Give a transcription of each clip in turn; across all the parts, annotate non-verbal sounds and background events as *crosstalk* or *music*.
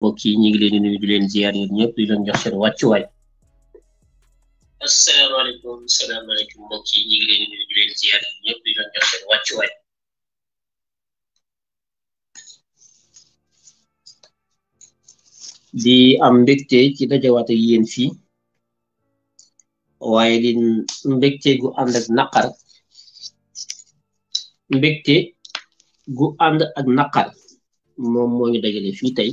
mbokk yi ñu ngi leen di nuyu di leen ziar yéen ñëpp di jox seen wàccuwaay. asalaamaaleykum asalaamaaleykum am mbégte ci dajawaat ak yéen fii waaye di mbégte gu ànd ak naqar mbégte gu ànd ak naqar moom moo ñu fi fii tey.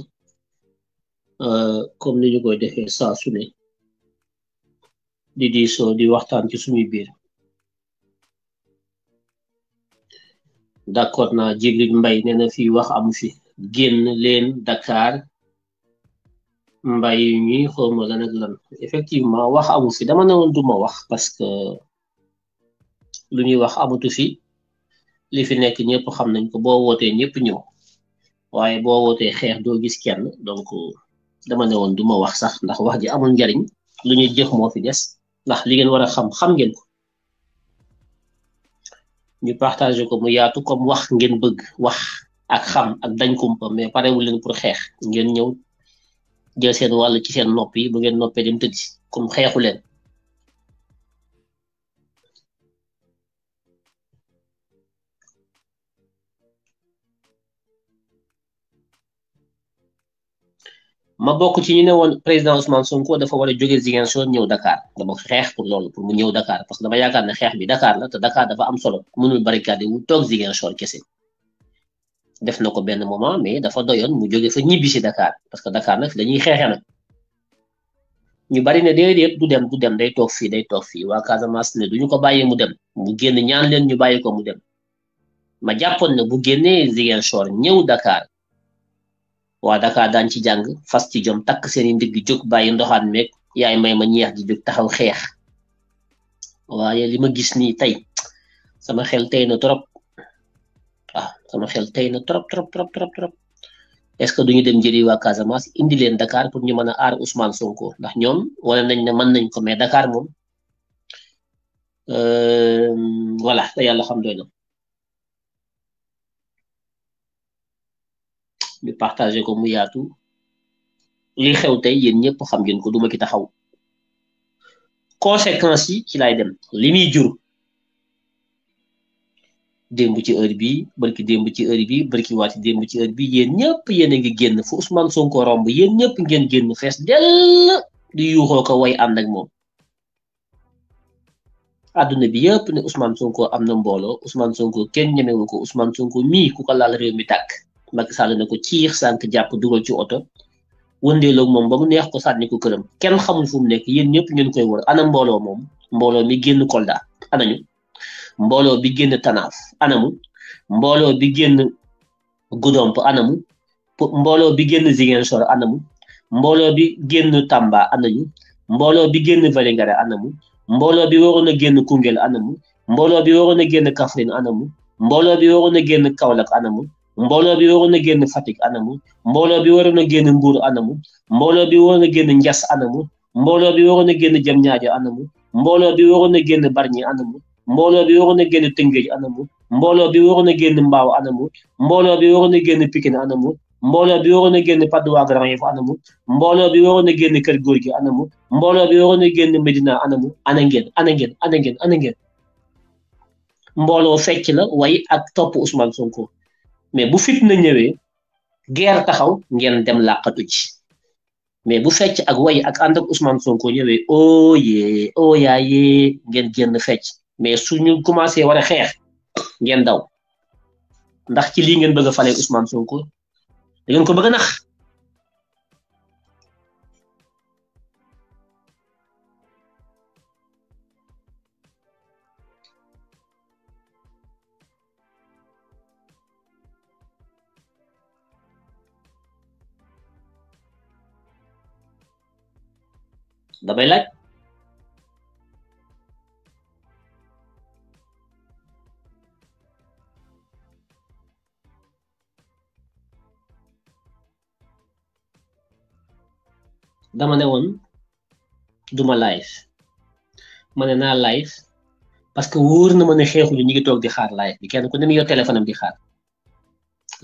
Euh, comme ni ñu koy defee saa su di diisoo di waxtaan ci suñuy biir d'accord naa Djibril Mbaye nee na fii wax amu fi génn leen Dakar mbay ñuy xawma lan ak effectivement wax amu fi dama ne woon wax parce que lu ñuy wax amatu fi li fi nekk ñëpp xam nañ ko boo wootee ñëpp ñëw waaye boo wootee xeex doo gis kenn dama ne woon du ma wax sax ndax wax ji amul njariñ lu ñuy jëf moo fi des ndax li ngeen war a xam xam ngeen ko ñu partage ko mu yaatu kom wax ngeen bëgg wax ak xam ak dañ kumpa mais parewul leen pour xeex ngeen ñëw jël seen wàll ci seen nopp yi bu ngeen noppee dem tëddi comme xeexu leen ma bokk ci ñu ne woon président Ousmane Sonko dafa war a jóge Ziguinchor ñëw Dakar dama xeex pour loolu pour mu ñëw Dakar parce que dama yaakaar ne xeex bi Dakar la te Dakar dafa am solo mënul barricade wu toog Ziguinchor kese def na ko benn moment mais dafa doyoon mu jóge fa ñibbi si parce que Dakar dañuy xeexee nag ñu bari ne déedéet du dem du dem day toog fii day toog fii waa Casamance ne duñu ko bàyyee mu dem mu génn ñaan leen ñu bàyyi ko mu dem ma jàppoon ne bu génnee Ziguinchor ñëw dakaar waa Dakar dan ci jang fas ci jom tak seen ndig juk baye bàyyi mek yaay may ma ñeex di juk taxaw xex waaye ya li gis ni tay sama xel tay na trop ah sama xel tay na trop trop trop trop trop est ce que duñu dem jëri wa Casamance indi len Dakar pour ñu mëna ar Ousmane Sonko ndax ñom wala nañ ne man nañ ko mais Dakar euh voilà xam ya ñu partagé ko mu yaatu li xew tey yéen ñépp xam ngeen ko duma ki taxaw conséquences yi ci lay dem li muy jur démb ci heure bi barki démb ci heure bi barki waati démb ci heure bi yéen ñëpp yéen a ngi génn fu Ousmane Sonko romb yéen ñëpp ngeen génn fees dell di yuuxoo ko way ànd ak moom àdduna bi yëpp ne Ousmane Sonko am na mbooloo Ousmane Sonko kenn ñemewu ko Ousmane Sonko mii ku ko laal réew mi tàkk Macky Sall ne ko ciix sànq jàpp dugal ci oto wëndeeloog moom ba mu neex ko sànni ko këram kenn xamul fu mu nekk yéen ñëpp ngeen koy wër ana mbooloo moom mbooloo mi génn Kolda anañu mbooloo bi génn Tanaaf anamu mbooloo bi génn Goudomp anamu mbooloo bi génn Ziguinchor anamu mbooloo bi génn Tamba anañu mbooloo bi génn Vélingara anamu mbooloo bi waroon a génn Koungheul anamu mbooloo bi waroon na génn Kaffrine anamu mbooloo bi waroon a génn Kaolack anamu mbooloo bi waroon a génn Fatick anamu mbooloo bi waroon a génn Mbour anamu mbooloo bi waroon a génn Njas anamu mbooloo bi waroon a génn Diamniadio anamu mbooloo bi waroon a génn Bargny anamu mbooloo bi waroon a génn Tëngéej anamu mbooloo bi waroon a génn Mbaaw anamu mbooloo bi waroon a génn Pikine anamu mbooloo bi waroon a génn Patte d'Oie Grand Yoff anamu mbooloo bi waroon a génn Kër Gorgui anamu mbooloo bi waroon a génn Médina anamu ana ngeen ana ngeen ana ngeen ana ngeen mbooloo fecc la way ak topp Ousmane Sonko mais bu fitna ñëwee guerre taxaw ngeen dem làqatu ci mais bu fecc ak way ak ànd ak Sonko ñëwee oo yee oo yaayee ngeen génn fecc mais suñu commencé war a xeex ngeen daw ndax ci lii ngeen bëgg a falee Ousmane Sonko da ko bëgg nax Dabei like. da maneon duma live mané naa live parce que wóor na ma ne xeexuñu ñu ngi toog di xaar live Di kenn ku ne mi yor téléphone am di xaar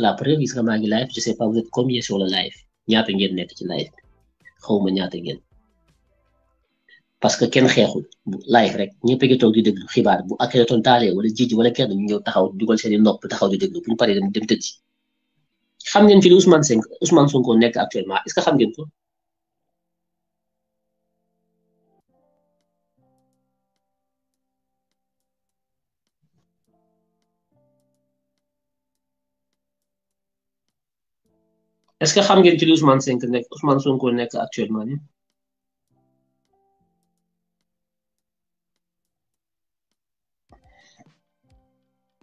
la preuve gis nga maa live je sais pas vous êtes combien sur le live ñaata ngeen net ci live bi xaw ma ñaata ngeen parce que kenn xeexul live rek ñëpp a ngi toog di déglu xibaar bu Akhenaton taalee wala Jiji wala kenn ñu ñëw taxaw dugal seen nopp taxaw di déglu bu ñu paree dem dem ci xam ngeen fi li Ousmane Sonko Ousmane Sonko nekk actuellement est-ce que que xam ngeen fi li Ousmane Sonko nekk Ousmane Sonko nekk actuellement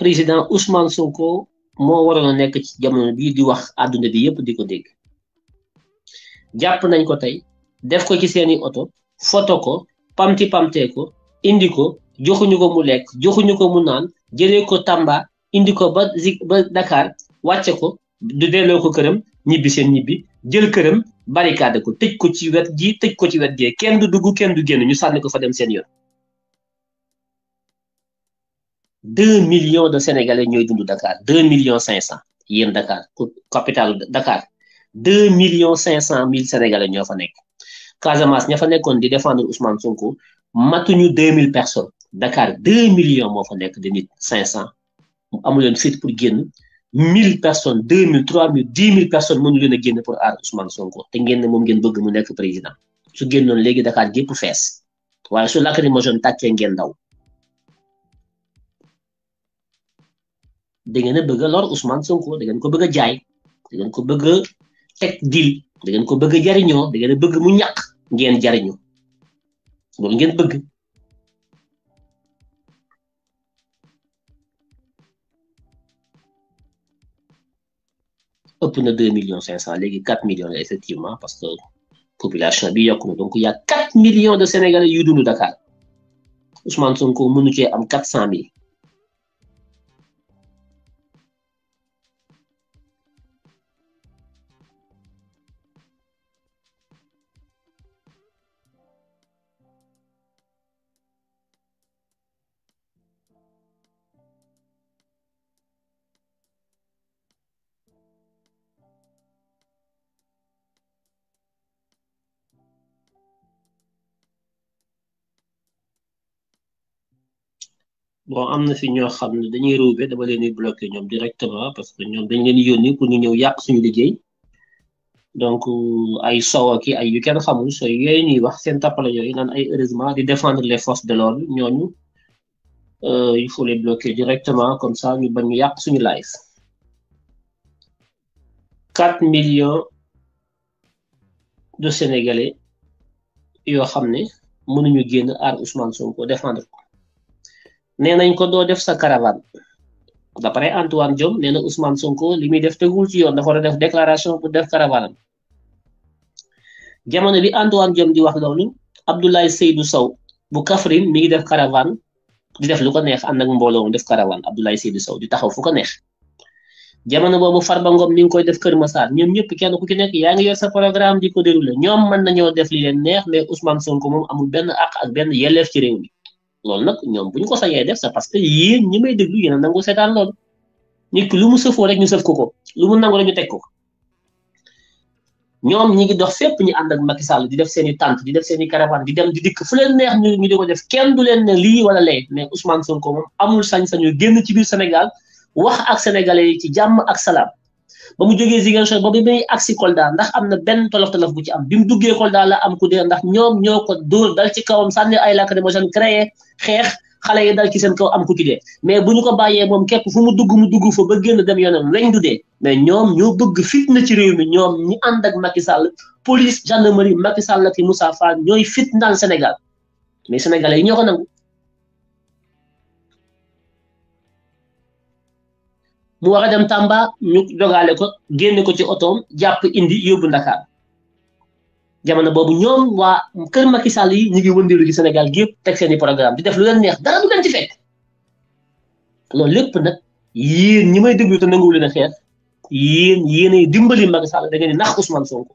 président Ousmane Sonko moo waroon nekk ci jamono bii di wax àdduna bi yëpp di ko dégg jàpp nañ ko tey def ko ci seeni oto foto ko pamti pamtee ko indi ko joxuñu ko mu lekk joxuñu ko mu naan jëlee ko Tamba indi ko ba zik ba Dakar wàcce ko du delloo ko këram ñibbi seen ñibbi jël këram barricade ko tëj ko ci wet ji tëj ko ci wet gee kenn du dugg kenn du génn ñu sànni ko fa dem seen yoon. deux millions de sénégalais ñooy dund Dakar deux millions cinq cent yéen Dakar capitale Dakar deux millions cinq cent mille sénégalais ñoo fa nekk Casamance ña fa nekkoon di défendre Ousmane Sonko matuñu deux mille personnes Dakar deux millions moo fa nekk de nit cinq cent amuleen fit pour génn mille personnes deux mille trois mille dix mille personnes mënu leen a génn pour aar Ousmane Sonko te ngeen ne moom ngeen bëgg mu nekk président su génnoon léegi Dakar gépp fees waaye su lacrymogène tàccee ngeen daw da ngeen a bëgg a lor Ousmane Sonko da ngeen ko bëgg a jaay da ngeen ko bëgg a dil da ngeen ko bëgg a jariñoo da bëgg mu ñàkk ngeen jariñu loolu ngeen bëgg ëpp na deux millions cinq cent léegi quatre millions la effectivement parce que population bi yokk na donc il y a quatre millions de Sénégalais yuy dund Dakar Ousmane Sonko mënu cee am quatre cent mille bon amna na fi ñoo xam dañuy ruube dama leen ni bloqué ñom directement parce que ñom dañ leen yoni pour ñu ñëw yaq suñu liggéey donc euh, ay sow ki ay yu kenn xamul so yooyu ñuy wax seen tappale yoy nan ay heureusement di défendre les forces de l'ordre ñooñu euh, il faut les bloquer directement comme ça ñu bañ yaq suñu lais quatre millions de sénégalais yo xam mënu ñu génn aar Ousmane Sonko défendre nee ko do def sa caravane d'après Antoine Diom nena Ousmane Sonko limi def tegul ci yoon dafa def déclaration pour def caravane jamono bi Antoine Diom di wax loolu Abdoulaye Seydou Sow bu Kaffrine mi def caravane di def luko neex and ak def caravane Abdoulaye Seydou Sow di taxaw fuko neex jamono bobu Farba Ngom ni ngi koy def keur Massar ñom ñepp kenn ku ci nekk ya nga yor sa programme di ko déroulé ñom man nañu def li len neex mais Ousmane Sonko mom amul benn ak ak benn yelleef ci réew loolu nag ñoom bu ñu ko sañee def c'est parce que yéen ñi may déglu yéen a nangu seetaan loolu nit ki lu mu sëfoo rek ñu sëf ko ko lu mu nangu rek ñu teg ko ñoom ñi ngi dox fépp ñu ànd ak Macky Sall di def seen i tànt di def seen i caravane di dem di dikk fu leen neex ñu ñu di ko def kenn du leen ne lii wala lee mais Ousmane Sonko moom amul sañ-sañu génn ci biir Sénégal wax ak sénégalais yi ci jàmm ak salaam. ba mu jógee Ziguinchor ba bi may agsi Kolda ndax am na benn tolof tolof bu ci am bi mu duggee Kolda la am ku dee ndax ñoom ñoo ko dóor dal ci kawam sànni ay lacrymogène créé xeex xale yi dal ci seen kaw am ku ci dee mais bu ñu ko bàyyee moom képp fu mu dugg mu dugg fa ba génn dem yoonam weñ du dee mais ñoom ñoo bëgg fitna ci réew mi ñoom ñi ànd ak Macky Sall police gendarmerie Macky Sall ak Moussa Fall ñooy fit fitnaal Sénégal mais sénégalais yi ñoo ko nangu. mu war a dem Tamba ñu dogale ko génne ko ci otoom jàpp indi yóbbu dakar jamono boobu ñoom waa kër Macky Sall yi ñu ngi wëndeelu ci Sénégal gi yëpp teg seeni programme di def lu leen neex dara du leen ci fekk loolu lépp nag yéen ñi may déglu te nanguwu leen a xeex yéen yéenay dimbali Macky Sall da ngeen di nax Ousmane Sonko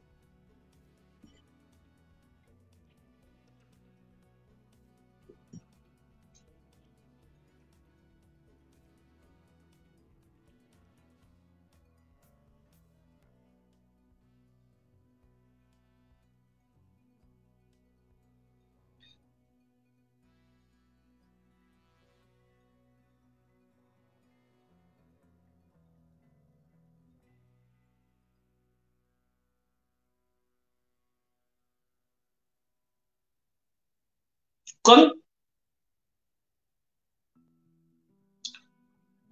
kon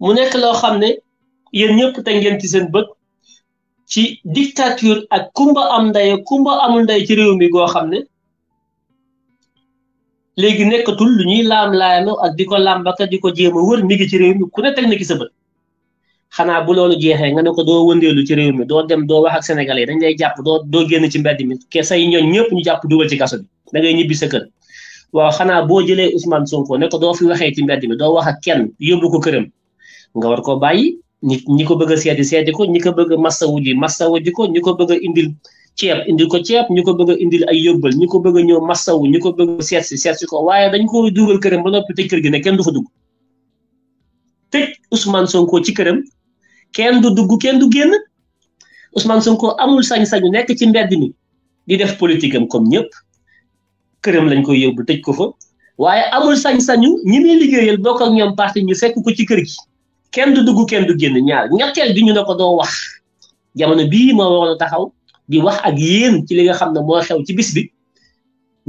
mu nekk loo xam ne yéen ñëpp te ngeen ci seen bët ci dictature ak kumba am ndaye kumba amul nday ci réew mi goo xam ne léegi nekkatul lu ñuy laam-laayalo ak di ko làmbaka di ko jéem a wër mi ngi ci réew mi ku ne teg na ci sa xanaa bu loolu jeexee nga ne ko doo wëndeelu ci réew mi doo dem doo wax ak sénégalais dañ lay jàpp doo doo génn ci mbedd mi ke say ñoon ñëpp ñu jàpp dugal ci kaso bi da ngay ñibbi sa kër waaw xanaa boo jëlee Ousmane Sonko ne ko doo fi waxee ci mbedd mi doo wax ak kenn yóbbu ko këram nga war koo bàyyi ñi ñi ko bëgg a seeti seeti ko ñi ko bëgg a massawu ji massawu ji ko ñi ko bëgg a indil ceeb indil ko ceeb ñi ko bëgg a indil ay yóbbal ñi ko bëgg a ñëw massawu ñi ko bëgg seet si seet si ko waaye dañ ko dugal këram ba noppi tëj kër gi ne kenn du fa dugg tëj Ousmane Sonko ci këram kenn du dugg kenn du génn Ousmane Sonko amul sañ-sañu nekk ci mbedd mi di def politique am comme ñëpp. këram lañ koy yóbbu tëj ko fo waaye amul sañ-sañu ñi muy liggéeyal bokk ak ñoom parti ñu fekk ko ci kër gi kenn du dugg kenn du génn ñaar ñetteel bi ñu ne ko doo wax jamono bii moo waroon a taxaw di wax ak yéen ci li nga xam ne moo xew ci bis bi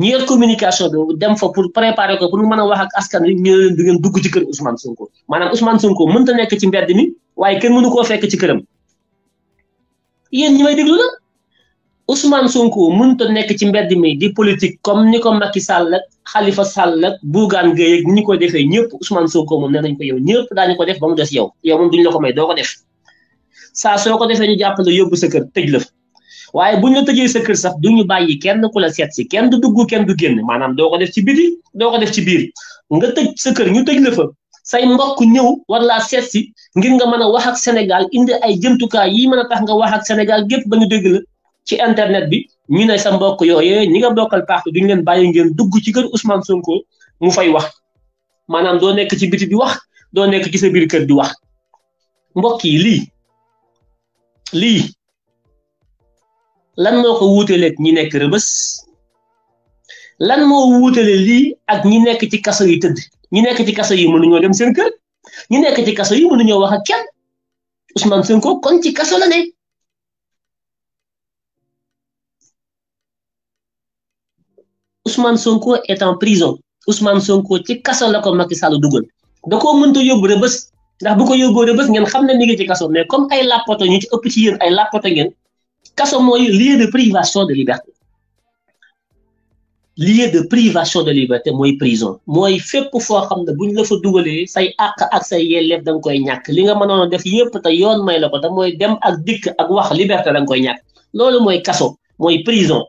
ñi yor communication bi dem fa pour préparer ko pour mën a wax ak askan wi ñu leen du ci kër Ousmane Sonko maanaam Ousmane Sonko mënta nekk ci mbedd mi waaye kenn mënu koo fekk ci këram yéen ñi may déglu la Ousmane Sonko ta nekk ci mbedd mi di politique comme ni ko Macky Sall ak Khalifa Sall ak Bougan Gueye ak ni ko defee ñëpp Ousmane Sonko moom nee nañ ko yow ñëpp daañu ko def ba mu des yow yow moom duñ la ko may doo ko def saa soo ko defee ñu la yóbbu sa kër tëj la waaye buñ la tëjee sa kër sax duñu bàyyi kenn ku la seet si kenn du dugg kenn du génn maanaam doo ko def ci biti doo ko def ci biir nga tëj sa kër ñu tëj la fa say mbokk ñëw war laa seet si ngir nga mën a wax ak Sénégal indi ay jëmtukaay yi mën a tax nga wax ak Sénégal gépp ba dégg la ci internet bi ñu ne sa mbokk yooyee ñi nga bokkal parti duñ leen bàyyi ngeen dugg ci kër Ousmane Sonko mu fay wax maanaam doo nekk ci biti di wax doo nekk ci sa biir kër di wax mbokk yi lii lii lan moo ko wuuteleeg ñi nekk rëbës lan moo wuutale lii ak ñi nekk ci kaso yi tëdd ñi nekk ci kaso yi ñoo dem seen kër ñi nekk ci kaso yi ñoo wax ak kenn Ousmane Sonko kon ci kaso la ne Ousmane Sonko est en prison Ousmane Sonko ci kaso la ko Macky Sall dugal da koo mënta yóbbu rëbës ndax bu ko yóbboo rëbës ngeen xam ne ni ngi ci kaso mais comme ay làppato ñu ci ëpp ci yéen ay làppato ngeen kaso mooy lieu de privation de liberté lieu de privation de liberté mooy prison mooy fépp foo xam ne buñ la fa dugalee say àq ak say yelleef da koy ñàkk li nga mënoon a def yëpp te yoon may la ko te mooy dem ak dikk ak wax liberté da nga koy ñàkk loolu mooy kaso mooy prison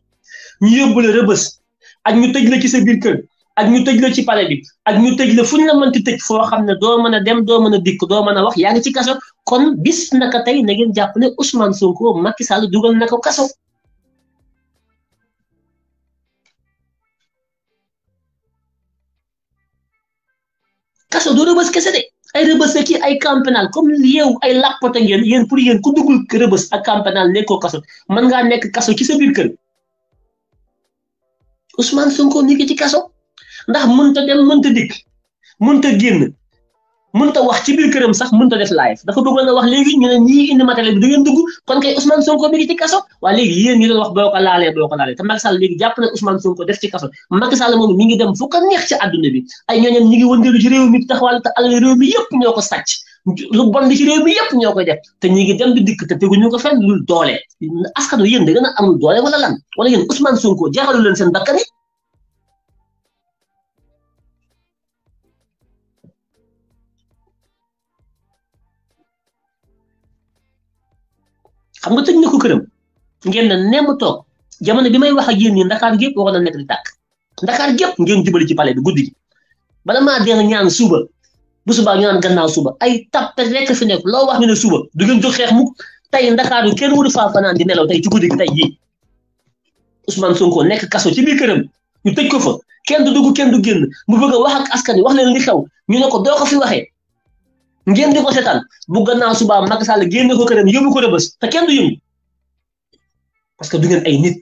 ñu yóbbu la rëbës. ak ñu tëj ci sa biir kër ak ñu tëj ci palais bi ak ñu tëj la fu ñu la mënti foo xam ne doo mën a dem doo mën a dikk doo mën a wax yaa ngi ci kaso kon bis naka tey na ngeen jàpp ne Ousmane Sonko Macky Sall dugal na ko kaso. kaso doo rëbës kese de ay rëbës ki ay camp pénal comme yow ay làppata ngeen yéen pour yéen ku duggul rëbës ak camp pénal nekkoo kaso mën ngaa nekk kaso ci sa biir kër. Ousmane Sonko mi ngi ci kaso ndax mënta dem mënta dikk mënta génn mënta wax ci biir këram sax mënta def live dafa bëggoon a wax léegi ñu ne ñii indi matériel bi da ngeen dugg kon kay Ousmane Sonko mi ci kaso waaye léegi yéen ñi doon wax boo ko laalee boo ko laalee te Macky Sall léegi jàpp na Ousmane Sonko def ci kaso Macky Sall moom mi ngi dem fu ko neex ci àdduna bi ay ñooñam ñi ngi wëndeelu ci réew mi taxawal te alal réew mi yëpp ñoo ko sàcc lu bon iya, iya, kan, eh. di ci réew mi yëpp ñoo koy def te ñi ngi dem di dikk te teguñu ko fenn lu doole askanu da amul doole wala lan wala yéen Ousmane Sonko jaaxalu leen seen bakkan yi xam nga tëj na ko këram ngeen na nemm toog jamono bi may wax ak yéen ñi ndakaar gépp waxoon na nekk di tàkk ndakaar gépp ngeen jubali ci palais bi guddi gi bala maa dee ñaan suba bu subaa ñu naan gannaaw suba ay tappet rekk fi nekk loo wax ñu ne suba du ngeen xeex mukk tey ndakaaru kenn waru faa di nelaw tey ci guddi gi tey jii Ousmane Sonko nekk kaso ci biir këram ñu tëj ko fa kenn du dugg kenn du génn mu bëgg a wax ak askan wi wax leen li xew ñu ne ko doo ko fi waxee ngeen di ko seetaan bu gannaaw subaa Macky Sall génne ko këram yóbbu ko rëbës te kenn du yëngu parce que du ay nit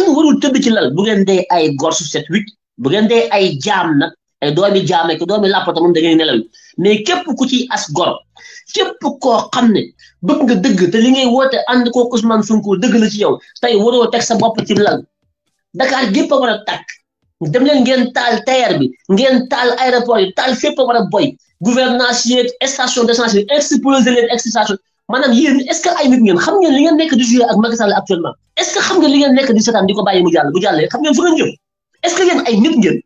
kenn warul tëdd ci lal bu ngeen dee ay gor su set huit bu ngeen dee ay jaam na ay doomi jaam ak doomi làppata moom da ngay nelaw mais képp ku ci as gor képp koo xam ne bëgg nga dëgg te li ngay woote ànd koo Ousmane Sonko dëgg la ci yow tey waroo teg sa bopp ci lal Dakar gépp a a tàkk dem leen ngeen taal TER bi ngeen taal aéroport yi taal fépp a war a boy gouvernance yi station d'essence yi explosé ex station maanaam yéen est-ce que ay nit ngeen xam ngeen li ngeen est ce que xam nga li ngeen nekk di setan di ko bàyyi mu jàll bu jàllee xam ngeen fu ngeen jëm est ce que yéen ay nit ngeen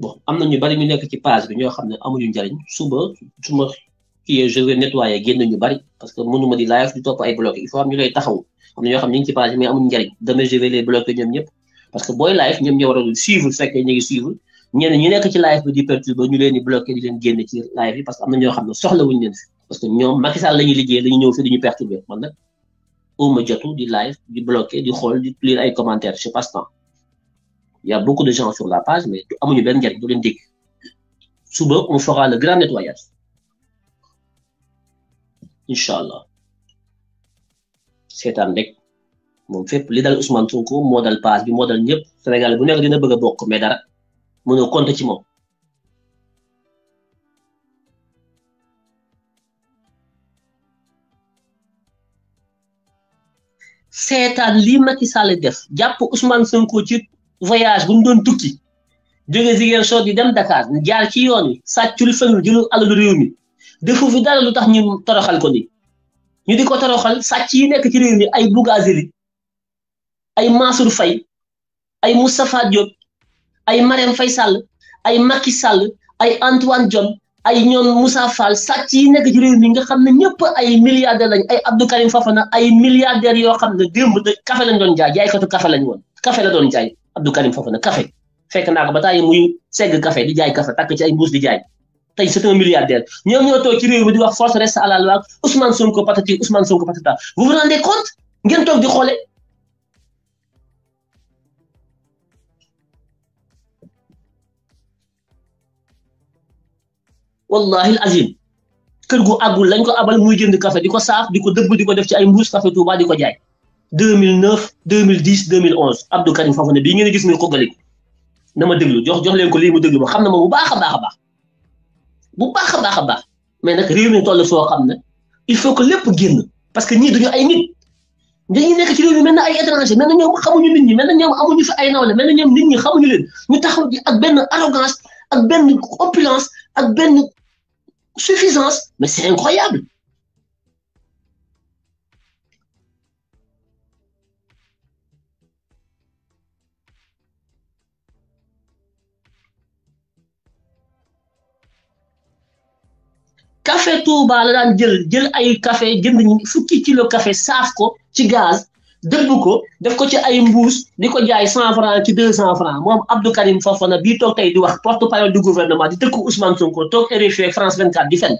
bon am na ñu bari ñu nekk ci page bi ñoo xam ne amuñu njariñ suba suma est je vais nettoyer ñu bari parce que mënuma di live du top ay bloqué il faut am taxaw xam demain je vais les bloquer parce que live suivre suivre ñu ci live bi di perturber live parce que am na xam parce que Macky Sall liggéey ñëw fi di ñu perturber man di live di di lire ay commentaires je passe temps y a beaucoup de gens sur la page mais amuñu on fera le grand nettoyage inshallah setan rek mom fépp li dal Ousmane Sonko mo dal pass bi mo dal ñep senegal bu neex dina bëgg bokk mais dara mëno compter ci moom seetaan lii Macky Sall def japp Ousmane Sonko ci voyage bu mu doon tukki jóge Ziguinchor di dem Dakar jaar ci yoon wi sàccul fenul jëlul alalu réew mi defu fi dara lutax ñu toroxal ko nii ñu di ko toroxal sàcc yi nekk ci réew mi ay Bougazeli ay Mansour fay ay Moustapha Diop ay Marème fay Sall ay Macky Sall ay Antoine Diome ay ñoom Moussa Fall sàcc yi nekk ci réew mi nga xam ne ñëpp ay milliardaires lañ ay Abdou Karim Fofana ay milliardaires yoo xam ne démb de kafe lañ doon jaay jaaykatu kafe lañ woon kafe la doon jaay Abdou Karim Fofana kafe fekk naa ko ba taay muy segg kafe di jaay kafe takk ci ay mbuus di jaay. tey c'est un milliardaire ñoom ñoo toog ci réew mi di a force reste à la loi Ousmane Sonko patati Ousmane Sonko patata vous vous rendez compte ngeen toog di xoole wallahi azim kër gu àggul lañ ko abal muy jënd café di ko saaf di ko dëbb di ko def ci ay mbuus café Touba di ko jaay 2009 2010 2011 Abdou Karim Fofana bii ngeen gis muy xogaliku dama déglu jox jox leen ko lii mu déglu ma xam na ma bu baax a baax a bu baax a baax a baax mais nag réew mi toll soo xam ne il faut que lépp génn parce que ñii duñu ay nit dañuy nekk ci réew mi mel na ay étranger mel na ñoom xamuñu nit ñi mel na ñoom amuñu fi ay nawle mel na ñoom nit ñi xamuñu leen ñu taxaw ji ak benn arrogance ak benn opulence ak benn suffisance mais c'est incroyable café Touba la daan jël jël ay café jënd fukki kilo café saaf ko ci gaz dëbb ko def ko ci ay mbuus di ko jaay 100 francs ci 200 francs franc moom Abdou Karim Fofana bii toog tey di wax porte-parole du gouvernement di tëkku Ousmane Sonko toog RFI ak France 24 di fenn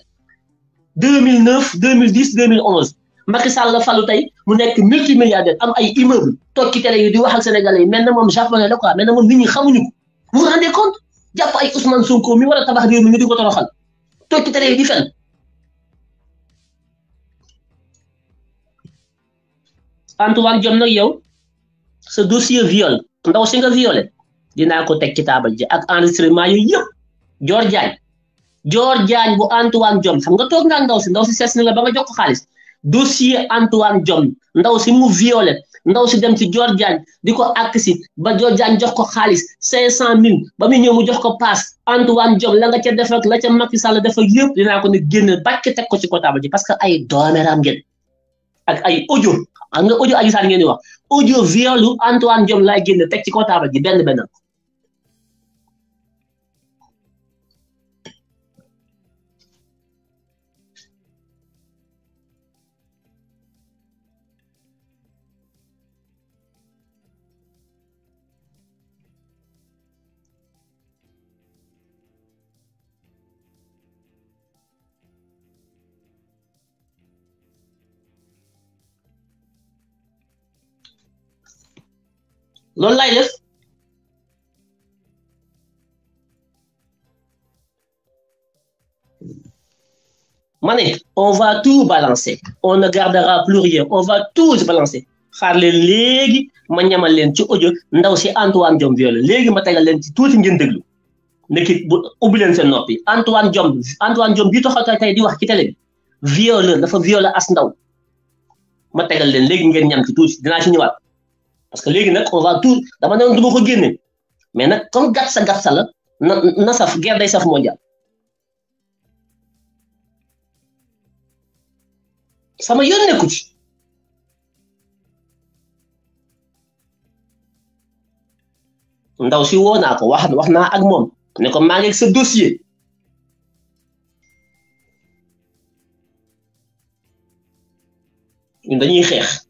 2009 2010 2011 Macky Sall la falu tey mu nekk multimilliardaire am ay immeuble toog ci télé yi di wax ak sénégalais yi mel na moom japonais la quoi mel na moom nit ñi xamuñu ko vous rendez compte jàpp ay Ousmane Sonko mi war a tabax réew mi ñu di ko toroxal toog ci télé yi di fenn Antoine Diome nag yow sa dossier viol ndaw si nga violé ko teg ci taabal ji ak enregistrement yooyu yëpp joor Diagne Dior Diagne bu Antoine Diome xam nga toog nga ndaw si ndaw si sees na la ba nga jox ko xaalis dossier Antoine ndaw si mu violé ndaw si dem ci joor Diagne di ko àkk si ba Dior Diagne jox ko xaalis cinq cent mille ba muy ñëw mu jox ko paas Antoine Diome la nga ca def ak la ca Macky Sall def ak yëpp dinaa ko ne génn bàcc teg ko ci ko taabal ji parce que ay doomeram ngeen ak ay audio xam nga audio Adji Sarr ngeen di wax audio violu Antoine Diome laay génne teg ci comptable ji benn benn loolu lay def ma on va tout balancer on ne gardera plus rien on va tout balancer xaar leen léegi ma ñamal len ci audio ndaw ci Antoine Diom viol légui ma tagal len ci tout ngeen deglu. nekki bu ubbi leen seen Antoine Diom, Antoine Diom bi taxaw tay di wax ci télé bi violeur dafa viol as ndaw ma tagal len légui ngeen ñam ci tout dina ci ñëwaat. parce que léegi nag on va tout dama ne du ma ko génne mais nag comme gàtt sa sa la na na saf guerre day saf mondial sama yoon nekku ndaw si woo naa ko wax wax naa ak moom ne ko maa ngi sa dossier ñun dañuy xeex.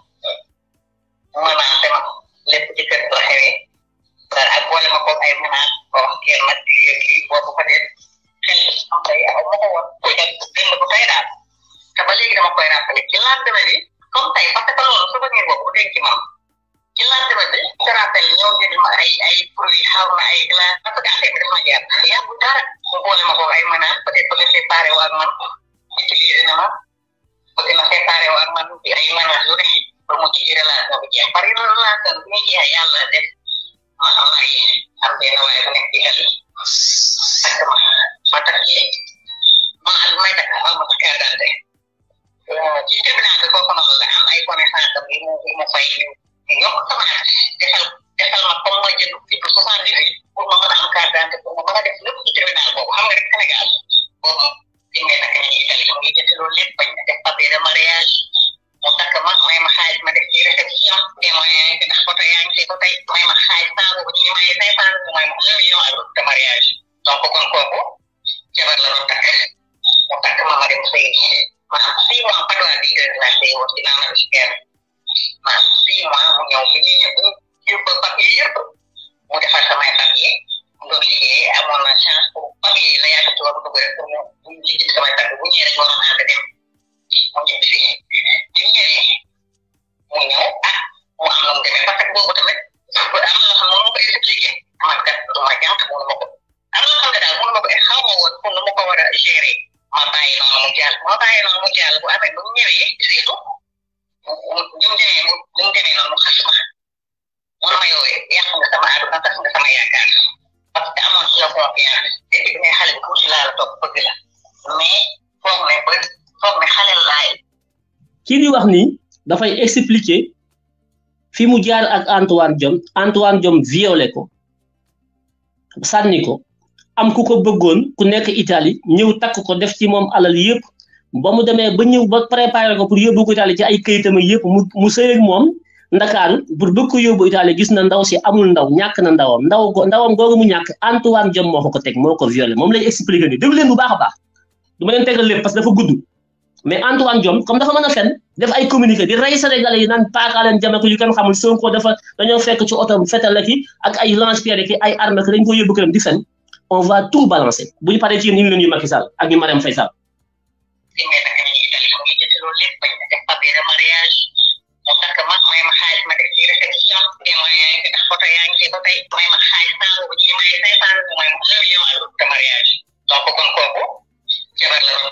ಇಲ್ಲಾಂತವರಿ ಸ್ವಂತ ಪಕ್ಕದಲ್ಲಿ ಹೊಲಸು ನೀವು ಒಬ್ಬರಿಗೆ ಮಾಮ್ ಇಲ್ಲಾಂತವರಿ ಸರಾಸರಿ ನೀವು ಐ ಐ ಪುರಿ ಹಾವು ಐಗಳ ಮತ್ತೆ ಗಾಡಿ ಬಿಡ ಮಾಡ್ಯಾರ ಯಾ ಬುದ್ಧಾರ ಹೋಗೋಲೆ ಮಗೋ ಐ ಮನ ಪತಿ ಪೊಲೆ ಸೇಪಾರೆ ವಾಗ್ಮನ್ ಇಚ್ಚಿಲೀರೆ ನಮ್ಮ ಪತಿ ನ ಸೇಪಾರೆ ವಾಗ್ಮನ್ ಐ ಮನ ಜೋರಿ ಪ್ರಮುಖ ಇರಲ್ಲ ನಮಗೆ ಪರಿರಲ್ಲ ಅಂತ ನಿಮಗೆ ಅಯ್ಯಲ್ಲ ಅದೇ ಅಲ್ಲ ಅರ್ಧ ಏನೋ ಯಾಕೆ ನೆಕ್ತಿಗಲ್ಲ ಮತ್ತೆ may yokk sama xaalis defal defal ma comme jënd pour soixante dix pour ma mën a am carte d'identité pour ma mën a kii di wax nii dafay expliquer fi mu jaar ak Antoine Diome Antoine Diome violé ko sànni ko am ku ko bëggoon ku nekk itali ñëw takk ko def ci moom alal yëpp ba mu demee ba ñëw ba préparé ko pour yóbbu ko Italie ci ay këyitam yëpp mu mu sëy ak moom Ndakaaru pour bëgg ko yóbbu Italie gis na ndaw si amul ndaw ñàkk na ndawam ndaw ndawam googu mu ñàkk Antoine Diome moo ko ko teg moo ko violé moom lay expliquer nii déglu leen bu baax a baax du ma leen tegal lépp parce que dafa gudd. mais Antoine diom comme dafa mëna a fen def ay communiquer di ray Sénégalais yi naan paaka leen jame ko yu kenn xamul Sonko dafa dañu fekk ci oto fetal la ki ak ay lance-pierre ki ay armes ki dañ ko yobbu këram di fen on va tout balancer buñu paré ci ñu ñu Macky Sall ak ñu Mariam Faye Sall. Donc, kon kooku jabar la doon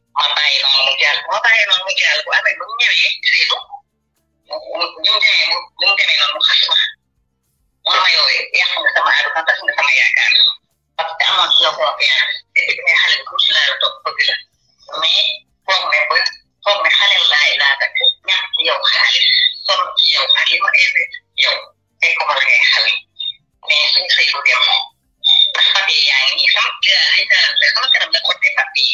ma bàyyi noonu mu jàll ma bàyyi noonu mu jàll bu amee ba mu ñëwee seetu mu mu demee mu mu demee noonu mu xas ma man ma yow yàq nga sama àdduna tas nga sama yaakaar parce que amoon si la confiance te it may xale bu tuuti laa la toog bëgg la mais foog ne ba foog ne xale laay laa takk ñàkk ci yow xaalis sonn ci yow ak li ma investi yow fekk ma la ngay xale mais suñu sëy bu dem ndax papier yaa ngi nii sama ay sama kanam la côté papier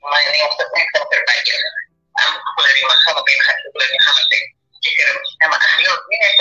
mengenai waktu sektor terbanyak am jadi ahli yang bagas mati yang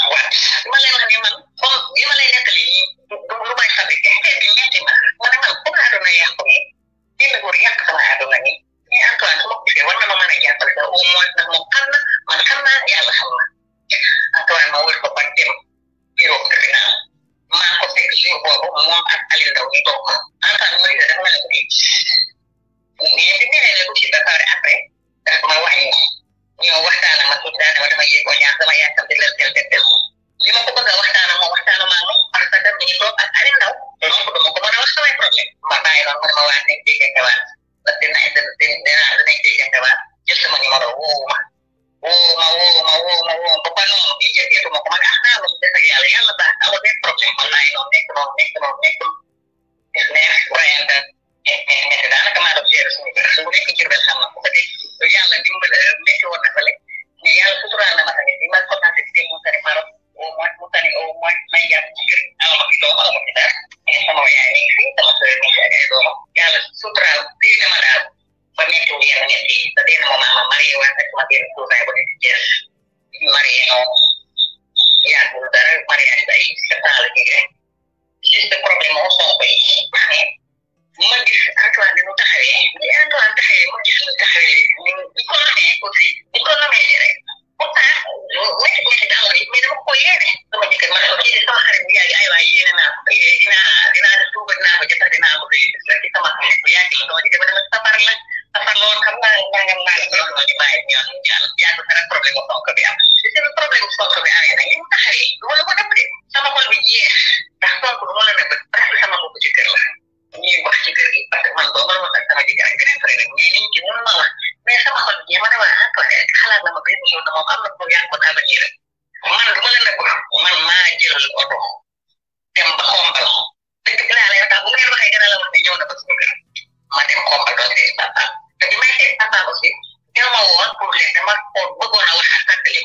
waaw li ma leen wax ne ini comme li ma lay nettali nii Di lu may sabi te xeet bi ñetti ma ma ne man comme aduna yàqu ni benn góor yàq sama aduna ni mais Antoine su ma ko gisee war na ma mën a jàppale da au moins nag moom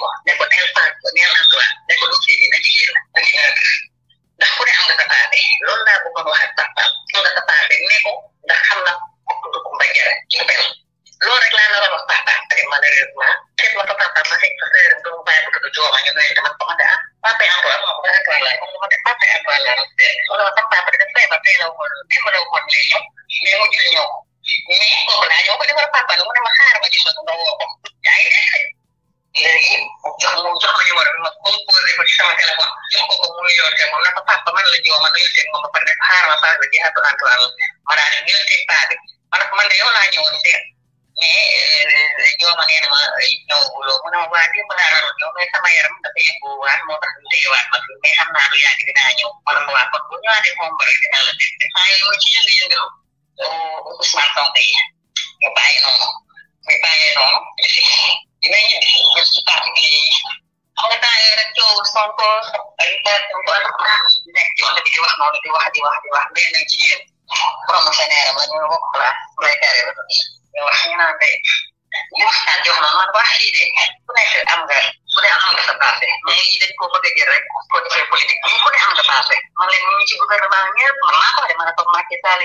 ่อนในประเทศไทยตัวนี้นอตัว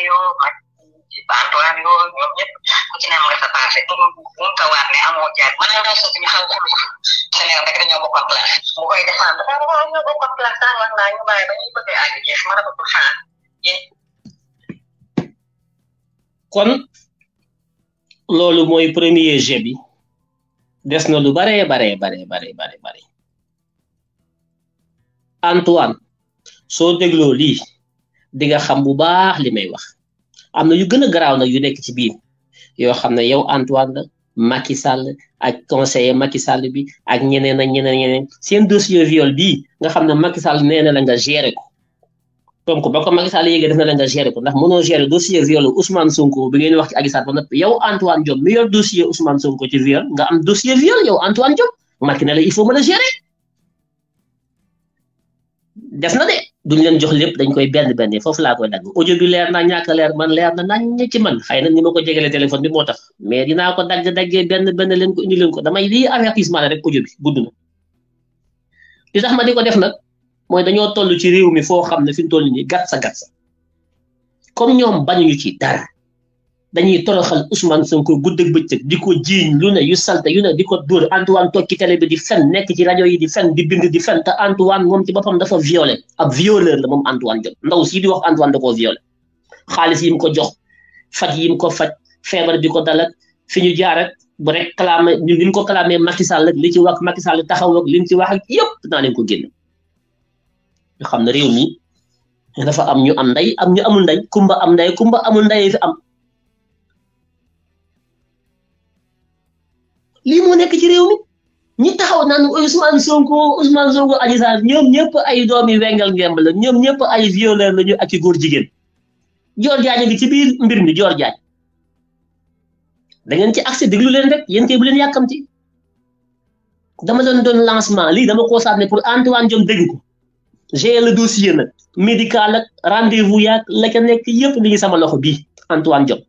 yo bantuan yo nyoknya mana yang ini kon loolu mooy premier jet bi des na lu bare bare bare bare bare bare Antoine soo dégloo lii di nga xam bu baax li may wax am na yu gën a garaaw nag yu nekk ci biir yoo xam ne yow Antoine la Macky Sall ak conseiller Macky Sall bi ak ñeneen ak ñeneen ñeneen seen dossier viol bii nga xam ne Macky Sall nee na la nga géré ko donc ba ko Macky Sall yéegee def na la nga géré ko ndax mënoo géré dossier viol Ousmane Sonko bi ngeen wax ci Adji Sarr ba noppi yow Antoine Diome mi dossier Ousmane Sonko ci viol nga am dossier viol yow Antoine Diome Macky ne la il faut mën a géré duñ leen jox lépp dañ koy benn benn foofu laa koy dagg audio bi leer na ñaaka leer man leer na nañ ci man xëy na ni ma ko jegelee téléphone bi moo tax mais dinaa ko dagg daggee benn benn leen ko indi leen ko damay lii avertissement la rek audio bi gudd na li tax ma di ko def nag mooy dañoo toll ci réew mi foo xam ne fi mu toll nii gàtt sa gàtt comme ñoom bañuñu ci dara dañuy toroxal Ousmane Sonko gudd ak bëccëg di ko jiiñ lu ne yu salte yu ne di ko dóor Antoine toog ci télé bi di fen nekk ci rajo yi di fen di bind di fen te waan moom ci boppam dafa violé ab violeur la moom Antoine Diome ndaw si di wax Antoine da koo violé xaalis yi ko jox faj yi ko faj feebar bi ko dalak fi ñu jaar ak bu rek clamé ko clamé Macky Sall li ci wax Macky Sall taxaw ak li ci wax ak yëpp dinaa leen ko génn ñu xam ne réew mi dafa am ñu am nday ñu amul nday kumba am nday kumba amul nday fi am. li mo nek ci réew mi ñi taxaw nan Ousmane Sonko Ousmane Sonko Ali Sall ñom ñepp ay doomi wengal ngemb la ñom ñepp ay violeur la ñu ak ci góor jigen jor Diagne ngi ci biir mbir mi jor Diagne da ngeen ci accès deglu leen rek yeen kay bu leen yàkkamti dama don don lancement li dama ko sànni pour Antoine Diome dégg ko j'ai le dossier nak médical ak rendez-vous yak la ca nek yépp ni sama loxo bi Antoine Diome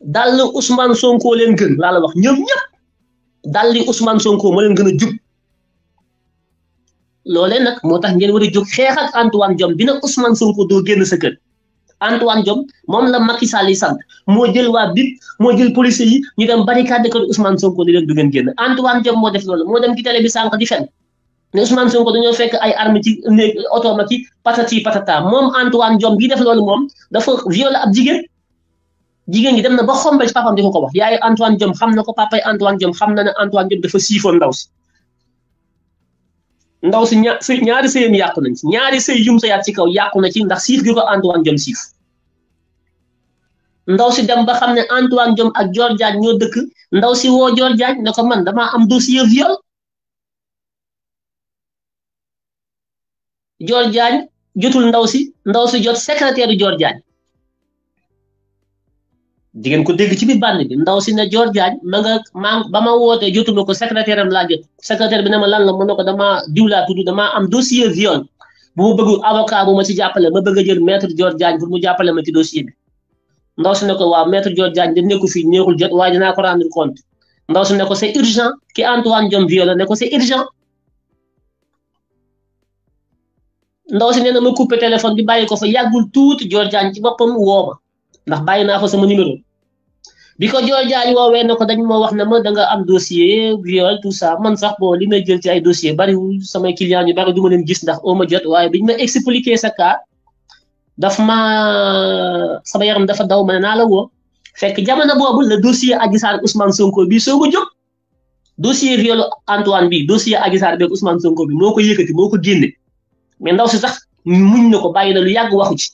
dàll Ousmane Sonko leen gën laa la wax ñoom ñëpp dàlli Ousmane Sonko moo leen gën a jub loolee nag moo tax ngeen war a jóg xeex ak Antoine Diome bi nag Ousmane Sonko doo génn sa kër Antoine Diome moom la Macky Sall yi sant moo jël waa BIP moo jël policier yi ñu dem barricade kër Ousmane Sonko di leen du ngeen génn Antoine Diome moo def loole moo dem ci télé bi sànq di fen ne Ousmane Sonko dañoo fekk ay armes ci néeg oto ma ci patati patata moom Antoine Diome bi def loolu moom dafa violer ab jigéen. jigéen gi dem na ba xombal ci papaam di ko ko wax yaay Antoine Diome xam na ko papay Antoine Diome xam na ne Antoine Diome dafa siifoon ndaw si si ña si ñaari sëyam yàqu nañ ci ñaari sëy yum sa yaat ci kaw yàqu na ci ndax siif gi ko Antoine Diome siif ndaw si dem ba xam ne Antoine Diome ak Dior Diagne ñoo dëkk ndaw si woo Dior Diagne ne ko man damaa am dossier viol Dior Diagne jotul ndaw si ndaw si jot secrétaire Dior Diagne di ngeen ko dégg ci biir bann bi ndaw si ne joor Diagne ma nga maa ba ma wootee jotuma ko secrétaire am laa jot secrétaire bi ne ma lan la mu ne ko damaa diw laa tudd damaa am dossier viol bu ma bëgg avocat bu ma ci jàppale ma bëgg a jël maître Dior Diagne pour mu jàppale ma ci dossier bi ndaw si ne ko waaw maître Dior Diagne da fii neexul jot waaye dinaa ko rendre compte ndaw si ne ko c'est urgent ki Antoine Diome violé ne ko c'est si nee na ma coupé téléphone bi bàyyi ko fa yàggul tuuti Dior Diagne ci boppam woo ma ndax bàyyi naa fa sama numéro biko ko jool jaay woowee ne ko dañ ma wax am dossier viol tout ça man sax bo li may jël ci ay dossier wu samay client ñu bari duma ma leen gis ndax o ma jot waaye biñ ma expliquer sa cas daf ma sama yaram dafa daw man na la wo fekk jamana bobu le dossier Adji Ousmane Sonko bi soo ko dossier viol Antoine bi dossier Adji be Ousmane Sonko bi moko ko moko moo mais ndaw ci sax muñ nako ko lu yag waxu ci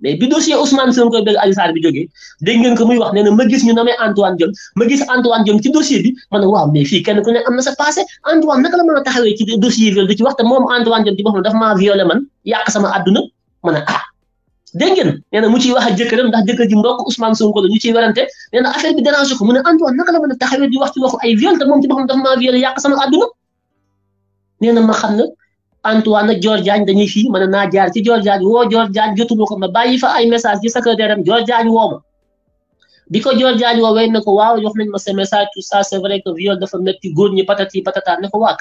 mais bi dossier Ousmane Sonko ak Adji Sarr bi jógee dégg ngeen ko muy wax nee na ñu namee Antoine Diome ma gis Antoine Diome ci a taxawee ci dossier wax te moom Antoine Diome ci boppam dafa maa violé man yàq sama àdduna ma ah, mu wax ak ndax jëkkër ji mbokk Ousmane affaire bi dérange ko ne Antoine naka la mën a taxawee di wax ci waxu ay viol te moom ci boppam dafa maa violé yàq sama àdduna na ma xam ne Antoine na joor jaañ dañuy fii mën naa jaar ci joor Diagne woo George Diagne jotuma ko ma bàyyi fa ay message ci secrétaire am George Diagne woo ma bi ko George Diagne woowee ne ko waaw jox nañ ma sa message tout ça c'est vrai que viol dafa métti góor ñi patati patata ne ko waaw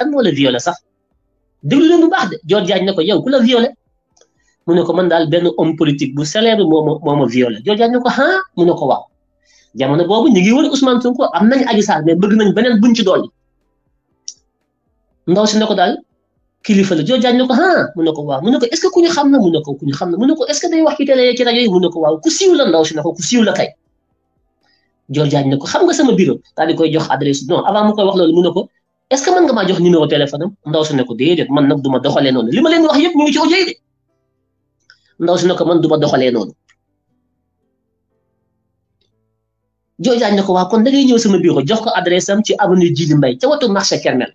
la sax déglu leen bu baax de George Diagne ne ko yow ku la violé mu ne ko man daal benn homme politique bu célèbre moo ma moo ma violé na ko ah mu ne ko waaw jamono boobu ñu ngi wër Ousmane Sonko am nañ Adji Sarr mais bëgg nañ beneen buñ ci dolli ndaw si ne ko daal. kilifa la joo jaaj ne ko ah mu ne ko waaw mu ne ko est ce que ku ñu xam na mu ne ko ku ñu xam na mu ne ko est ce que day wax ci télé ci rajo yi mu ne ko waaw ku siiw la ndaw si ne ko ku siiw la kay joo jaaj ne ko xam nga sama bureau daal di koy jox adresse non avant mu koy wax loolu mu ne ko est ce que mën nga maa jox numéro téléphone am ndaw si ne ko déedéet man nag du ma doxalee noonu li ma leen wax yëpp ñu ngi ci audio yi de ndaw si ne ko man du ma doxalee noonu joo jaaj ne ko waaw kon da ngay ñëw sama bureau jox ko adresse am ci avenue Djily Mbaye ca watu marché Kermel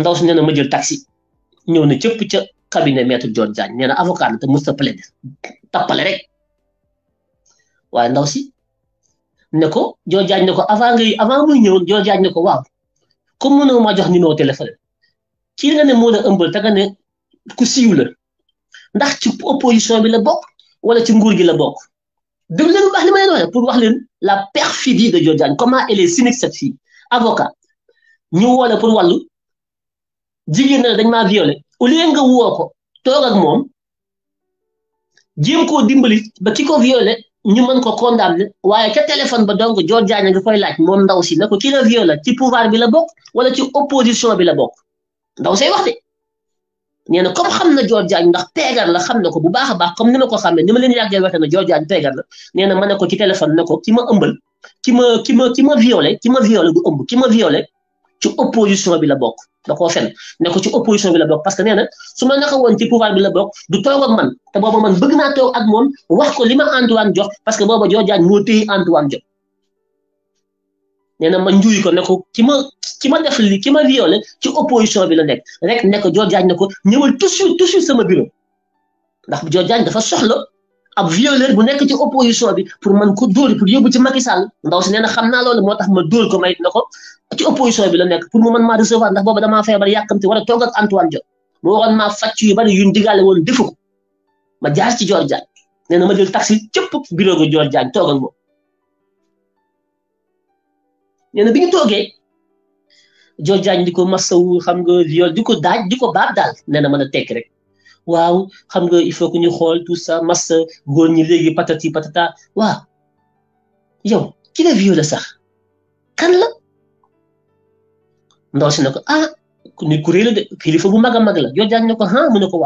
ndaw si nee na ma jël taxi ñëw na cëpp ca cabinet maître Dior Diagne nee na avocat la te mës a plaider tappale rek waaye ndaw si ne ko Dior Diagne ne ko avant ngay avant muy ñëw Dior Diagne ne ko waaw comme mënoo maa jox numéro téléphone ki nga ne moo la ëmbal te nga ne ku siiw la ndax ci opposition bi la bokk wala ci nguur gi la bokk déglu len bu baax li ma pour wax leen la perfidie de Dior Diagne comment elle est cynique cette avocat ñu woo la pour jigéen na dañ maa violé au lieu nga woo ko toog ak moom jéem koo dimbali ba ki ko violé ñu mën ko condamné waaye ca téléphone ba donc joor jaañ nga koy laaj moom ndaw si na ko ki la violé ci pouvoir bi la bokk wala ci opposition bi la bokk ndaw say wax de nee na comme xam na joor jaañ ndax peegar la xam na ko bu baax a baax comme ni ma ko xamee ni ma leen yàggee waxee na joor jaañ peegar la nee ma ne ko ci téléphone na ko ki ma ëmbal ki ma ki ma ki ma violé ki ma violé du ëmb ki ma violé ci opposition bi la bokk da koo fen ne ci opposition bi la bokk parce que nee na su ma naka woon ci pouvoir bi la bokk du toog ak man te booba man bëgg naa toog ak moom wax ko li ma Antoine jox parce que booba joojaan moo téye Antoine jox nee na ma njuuy ko ne ko ki ma ki ma def li ki ma violé ci opposition bi la nekk rek ne ko joojaan ne ko ñëwal tout de suite tout sama bureau ndax joojaan dafa soxla. ab violeur bu nekk ci opposition bi pour mën ko dóori pour yóbbu ci Macky Sall ndaw si nee na xam naa loolu moo tax ma dóor ko mayit na ko ci opposition bi la nekk pour mu mën ma recevoir ndax booba damaa feebar yàkkamti war a toog ak Antoine Diop mu waxoon maa fàcc yu bari yuñ digaale woon defu ma jaar ci Dior Diagne nee na ma jël taxi cëpp bureau gu Dior Diagne toog ak moom nee na bi ñu toogee Dior Diagne di ko masawu xam nga viol di ko daaj di ko baab daal nee na mën a tekki rek waaw xam nga il faut que ñu xool tout ça massa góor ñi léegi patati patata waaw yow ki la sax kan la ndaw si ne ko ah ku réy la de kilifa bu mag a mag la yoo jaan ko ah mu ne ko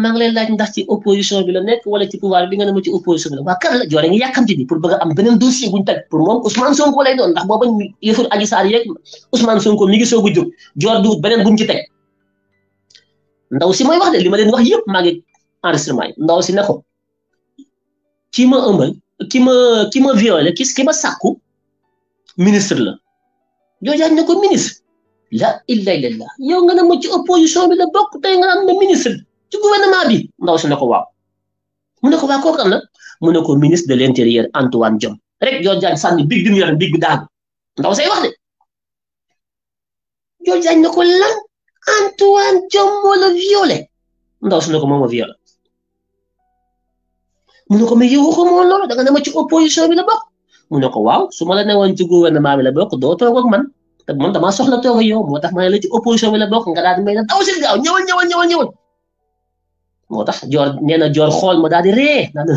ngi lay laaj bi la nekk wala ci pouvoir bi nga pour bëgg a am beneen dossier buñu teg pour moom Ousmane Sonko lay doon ndax booba yëfur Adji Sarr yeeg Ousmane Sonko mi ngi soog a jóg joor du beneen bu mu ci teg ndaw si mooy wax de li ma leen wax yëpp maa ngi enregistrement yi ndaw si ne ko ki ma ëmbal ki ma ki ma violé ki ki ma sàkku ministre la joojaan ne ko ministre la illa illa yow nga ne ma ci opposition bi la bokk tey nga am na ministre ci gouvernement bi ndaw si ne ko waaw mu ne ko waaw na mu ne ko ministre de l'intérieur Antoine Diome rek joojaan sànni big bi mu big bi daagu ndaw say wax de joojaan ne ko Antoine Diome moo la violé ndaw su ne ko moom a violé mu ne ko mais yow waxu moom loolu da nga ne ma ci opposition bi la bokk mu ne ko waaw su ma la newoon ci gouvernement bi la bokk doo toog ak man te man damaa soxla toog ak yow moo tax ma ne la ci opposition bi la bokk nga daal di may na daw si gaaw ñëwal ñëwal ñëwal moo tax joor nee na joor xool ma daal di ree daal di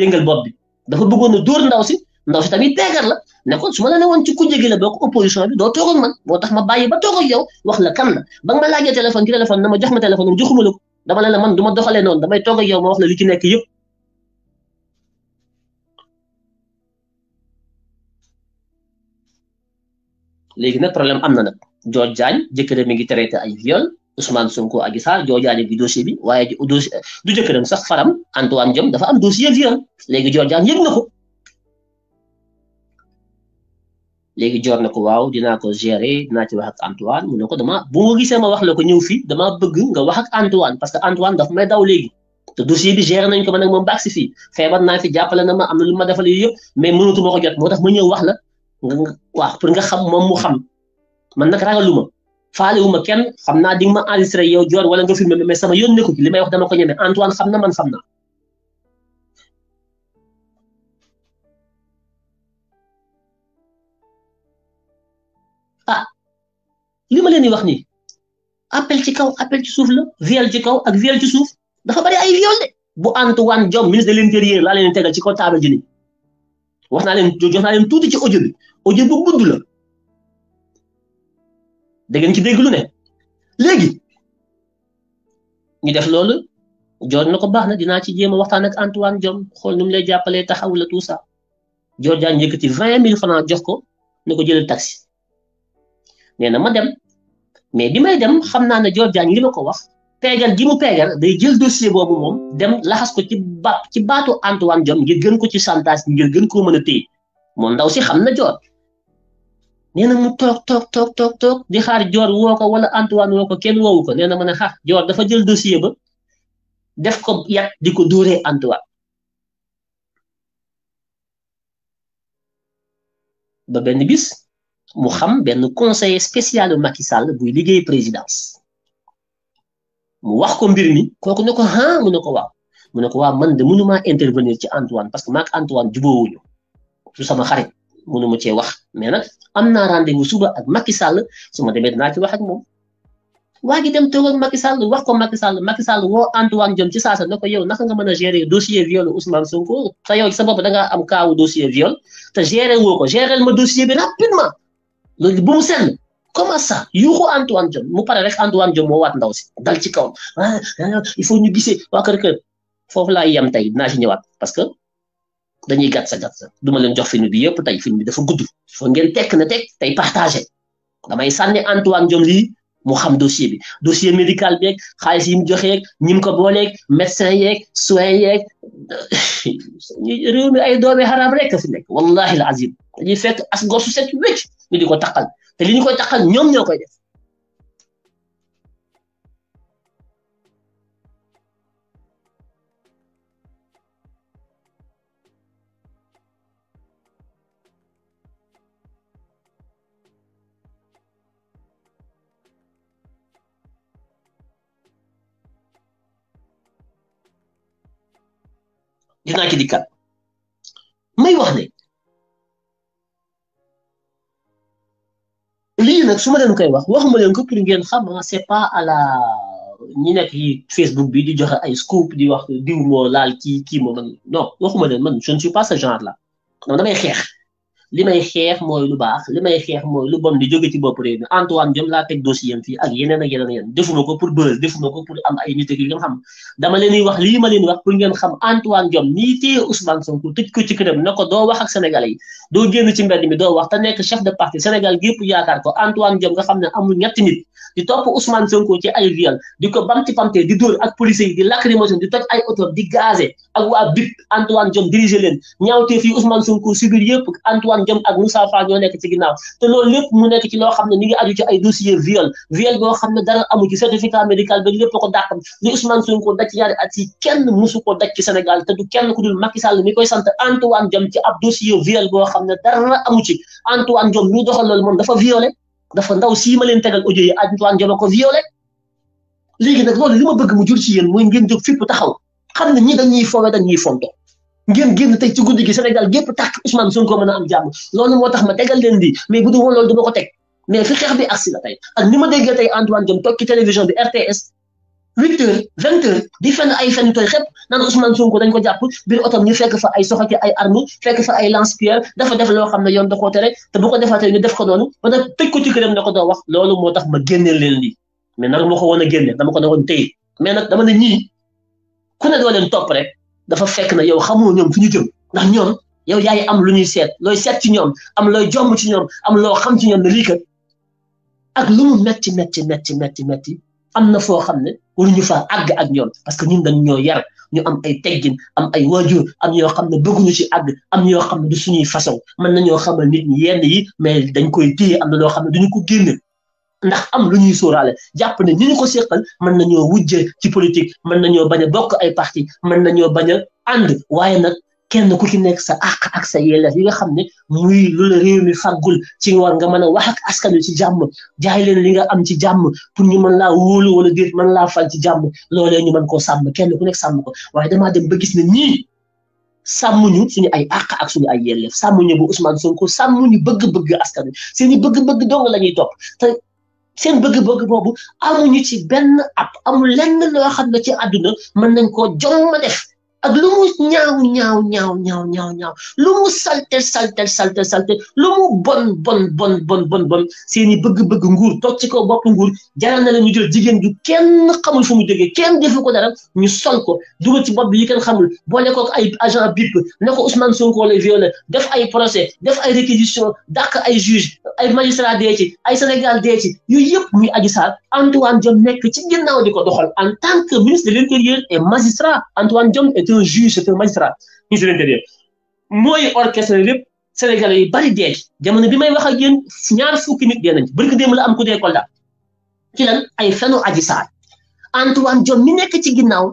yëngal bopp bi dafa bëggoon a dóor ndaw si ndaw si tamit teegar la ne kon su ma la ne woon ci kujje gi la bokk opposition bi doo toog ak man moo tax ma bàyyi ba toog ak wax la kan la ba nga ma laajee téléphone ci téléphone na ma jox ma téléphone am joxuma la ko ma doxalee noonu damay toog ak yow ma wax la li léegi nag problème am na nag George Diagne jëkkëram mi ngi traité ay viol Ousmane Sonko Adji Sarr George Diagne bi dossier bi waaye du jëkkëram sax faram Antoine jëm dafa am dossier viol léegi George Diagne yëg na ko. légui jorna ko waw dina ko gérer dina ci wax ak Antoine mu ne ko dama bu mo gisee ma wax la ko ñew fi dama bëgg nga wax ak Antoine parce que Antoine daf may daw légui te dossier bi gérer nañ ko man ak mom bax ci fi febar na fi jàppale na ma am lu ma defal yooyu yëpp mais mënatu ma ko jot motax ma ñew wax la wax pour nga xam mom mu xam man nak ragaluma faalé faale wu ma kenn xamna ding di ma enregistrer yow jor wala nga filmé mais sama yónne ko ci li wax dama ko ñëmé Antoine xamna na man xamna ah li ma leen di wax ni appel ci kaw appel ci suuf la viol ci kaw ak viol ci suuf dafa bari ay viol de bu Antoine Diome ministre de l'intérieur laa leen tegal ci kaw taabal ji wax naa leen jox naa tuuti ci audio bi audio bu ci dégg ne léegi ñu def loolu joor na ko baax na dinaa ci jéem a waxtaan ak waan Diome xool nu mu lay jàppalee taxaw la tout ça joor jaan yëkkati vingt mille francs jox ko ne ko jëlal taxi. nee na ma dem mais bi may dem xam naa ne Dior Diagne li ma ko wax peegal gi mu peegal day jël dossier boobu moom dem laxas ko ci ci baatu Antoine Diome ngir gën ko ci chantage ngir gën koo mën a téye moom ndaw si xam na Dior nee mu toog toog toog toog di xaar joor woo ko wala Antoine woo ko kenn woowu ko nee na ma ne xaar ah, joor dafa jël dossier ba def ko yat di ko dóoree Antoine ba benn bis mu xam benn conseiller spécial Macky Sall buy liggéey présidence mu wax ko mbir mi kooku ne ko ah mu ne ko waaw mu ne ko waaw man de mënuma intervenir ci Antoine parce que Antoine jubóowuñu su sama xarit mënuma cee wax mais nag am naa rendez-vous suba ak Macky Sall su ma demee dinaa ci wax ak moom waa gi dem toog ak Macky Sall wax ko Macky Sall Macky Sall woo Antoine Diome ci saasa ne ko yow naka nga mën a gérer dossier viol Ousmane Sonko te yow sa bopp da ngaa am kaawu dossier viol te gérer woo ko gérer ma dossier bi rapidement loolu bu mu sell comment ça yuuxu Antoine Diome mu pare rek Antoine Diome moo waat ndaw si dal ci kawam ah, ah il faut ñu gisee waa kër kër foofu laa yem tey dinaa fi ñëwaat parce que dañuy gàtt sa gàtt du ma leen jox film bi yëpp tey film bi dafa gudd. foo ngeen tekk na tekk tey partagé damay sànni Antoine Diome lii mu xam dossier bi dossier médical bi xaalis yi mu joxe ñi mu ko booleeg médecin yeeg soin yeeg réew mi ay doomi haram rek fi nekk wallahi al azim dañuy fekk as gor set wécc ñu di ko taqal te li ñu koy taqal ñoom ñoo koy def dinaa ki dikkaat may wax ne lii nag su ma leen koy wax waxuma leen ko pour ngeen xam ah, c'est pas à la ñi nekk yi Facebook bi di joxe ay scoop di wax diw moo laal kii kii moo man non waxuma leen man je ne suis pas ce genre là man damay xeex. limay may xeex mooy lu bax limay may xeex lu bon di joge ci bop rew mi Antoine Diome la tek dossier am fii ak yeneen ak yeneen yeneen defuma ko pour beul defuma ko pour am ay nit yi nga xam dama leen di wax li ma leen wax pour ngeen xam Antoine Diome ni téye Ousmane Sonko tej ko ci kërëm nako do wax ak sénégalais do genn ci mbedd mi do wax ta nek chef de parti Sénégal gep yaakar ko Antoine Diome nga xam amul ñett nit di top Ousmane Sonko ci ay viol di ko bamti pamté di dóor ak police yi di lacrimation di toj ay auto di gazé ak wa BIP Antoine Diome diriger len ñaawtee fi Ousmane Sonko subir yépp Antoine Ousmane Diom ak Moussa Fall ñoo nekk ci ginnaaw te lool lépp mu nekk ci loo xam ne ni ngi aju ci ay dossier viol viol boo xam ne dara amu ci ko dàqam li Ousmane Sonko daj ci ñaari ci Sénégal te du kenn ku dul Macky Sall mi koy sant Antoine Diom boo xam ne dara amu ci Antoine Diom mi doxal loolu dafa violé dafa ndaw sii ma leen tegal audio yi ko violé léegi nag loolu li bëgg mu jur ci yéen mooy ngeen jóg fipp taxaw xam ne ñi dañuy fowe dañuy fonto ngeen génn tey ci guddi gi Sénégal gépp tax ma tegal leen di mais bu du woon loolu ma ko teg mais fi bi agsi la tey ak ni ma ay fenn fa def loo xam ne yoon da koo tere ko defaatee ñu def ko noonu ba nag tëj ko ci këram da ko doo wax loolu moo tax ma génneel leen lii mais nar moo ko woon a dama ko doon téye mais nag dama ne ñii ku ne doo topp rek dafa fekk na yow xamoo ñoom fi ñu jëm ndax ñoom yow yaay am lu ñuy seet looy seet ci ñoom am looy jomb ci ñoom am loo xam ci ñoom na lii kat ak lu mu metti metti metti metti metti am na foo xam ne waruñu faa àgg ak ñoom parce que ñun dañ ñoo yar ñu am ay teggin am ay waajur am ñoo xam ne bëgguñu ci àgg am ñoo xam ne du suñuy façon mën xam xamal nit ñi yenn yi mais dañ koy téye am na loo xam ne duñu ko génne ndax am lu ñuy sóoraale jàpp ne ñi ñu ko séqal mën nañoo wujje ci politique mën nañoo bañ a bokk ay parti mën nañoo bañ a ànd waaye nag kenn ku ci nekk sa àq ak sa yelleef yi xam ne muy lu la réew mi fàggul ci nga mën a wax ak askan wi ci jàmm jaay leen li nga am ci jàmm pour ñu mën laa wóolu wala mën laa fal ci jàmm loolee ñu mën koo sàmm kenn ku nekk sàmm ko waaye damaa dem ba gis ne ñii sàmmuñu suñu ay àq ak suñu ay yelleef sàmmuñu bu Ousmane Sonko sàmmuñu bëgg-bëgg askan wi seeni bëgg-bëgg dong la ñuy topp seen bëgg-bëgg boobu amuñu ci benn ab amul lenn loo xam ne ci àdduna mën nañ ko jom ma def ak lu mu ñaaw ñaaw ñaw ñaaw ñaaw ñaaw lu mu salte salte salte salte lu mu bon bon bon bon bon bon seeni bëgg-bëgg nguur toog ci ko bopp nguur jaral na la ñu jël jigéen ju kenn xamul fu mu jógee kenn defu ko dara ñu sol ko dugal ci bopp bi yi kenn xamul boole ko ay agent BIP ne ko Ousmane Sonko lay violé def ay procès def ay réquisition dàq ay juge ay magistrat dee ay Sénégal dee ci yooyu yëpp muy Adji Sarr Antoine Diome nekk ci ginnaaw di ko doxal en tant que ministre de c'était un juge c'était un magistrat ministre de l'intérieur mooy orchestre lépp sénégalais yi bari dee ci jamono bi may wax ak yéen ñaar fukki nit dee nañ ci bërki démb la am ku dee Kolda ci lan ay fenu Adji Sarr Antoine Diome mi nekk ci ginnaaw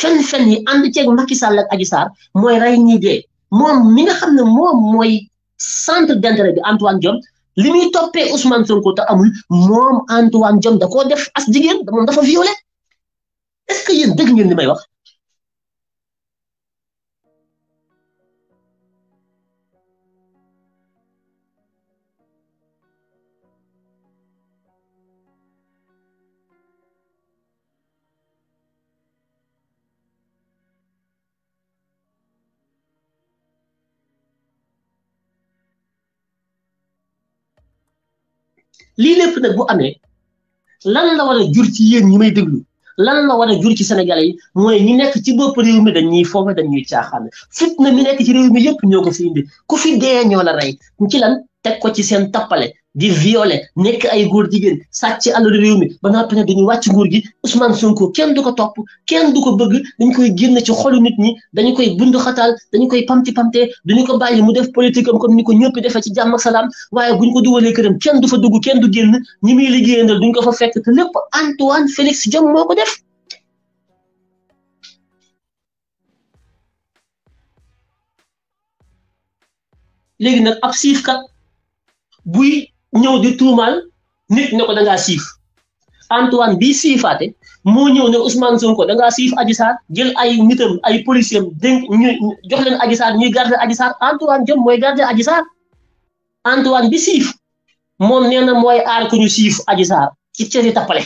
fen-fen yi ànd ceeg Macky Sall ak Adji Sarr mooy rey ñii dee moom mi nga xam ne moom mooy centre d'intérêt bi Antoine Diome li muy toppee Ousmane Sonko te amul moom Antoine Diome da koo def as jigéen moom dafa violé est-ce que yéen dégg ngeen li may wax lii lépp nag bu amee lan la war a jur ci yéen ñi may déglu lan la war a jur ci Sénégalais yi mooy ñi nekk ci bopp réew mi dañuy foofa dañuy caaxaan na mi nekk ci réew mi yëpp ñoo ko fi indi ko fi dee ñoo la rey ci lan teg ko ci seen tappale di violé nekk ay góor jigéen sàcc àll réew mi ba noppi ne dañu wàcc nguur gi Ousmane Sonko kenn du ko topp kenn du ko bëgg dañ koy génn ci xolu nit ñi dañu koy bund xataal dañu koy pamti pamtee duñu ko bàyyi mu def politique am comme ni ko ñëpp defee ci jàmm ak salaam waaye buñ ko dugalee këram kenn du fa dugg kenn du génn ñi muy liggéeyandal duñ ko fa fekk te lépp Antoine Félix Diome moo ko def léegi nag ab siifkat buy ñëw di tuumal nit ne ko da ngaa siif Antoine bi siifaate moo ñëw ne Ousmane Sonko da ngaa siif Adji Sarr jël ay nitam ay policiers am dénk ñu jox leen Adji Sarr ñuy garder Adji Sarr Antoine jëm mooy garder Adji Sarr Antoine bi siif moom nee na mooy aar ku ñu siif Adji ci cëri tappale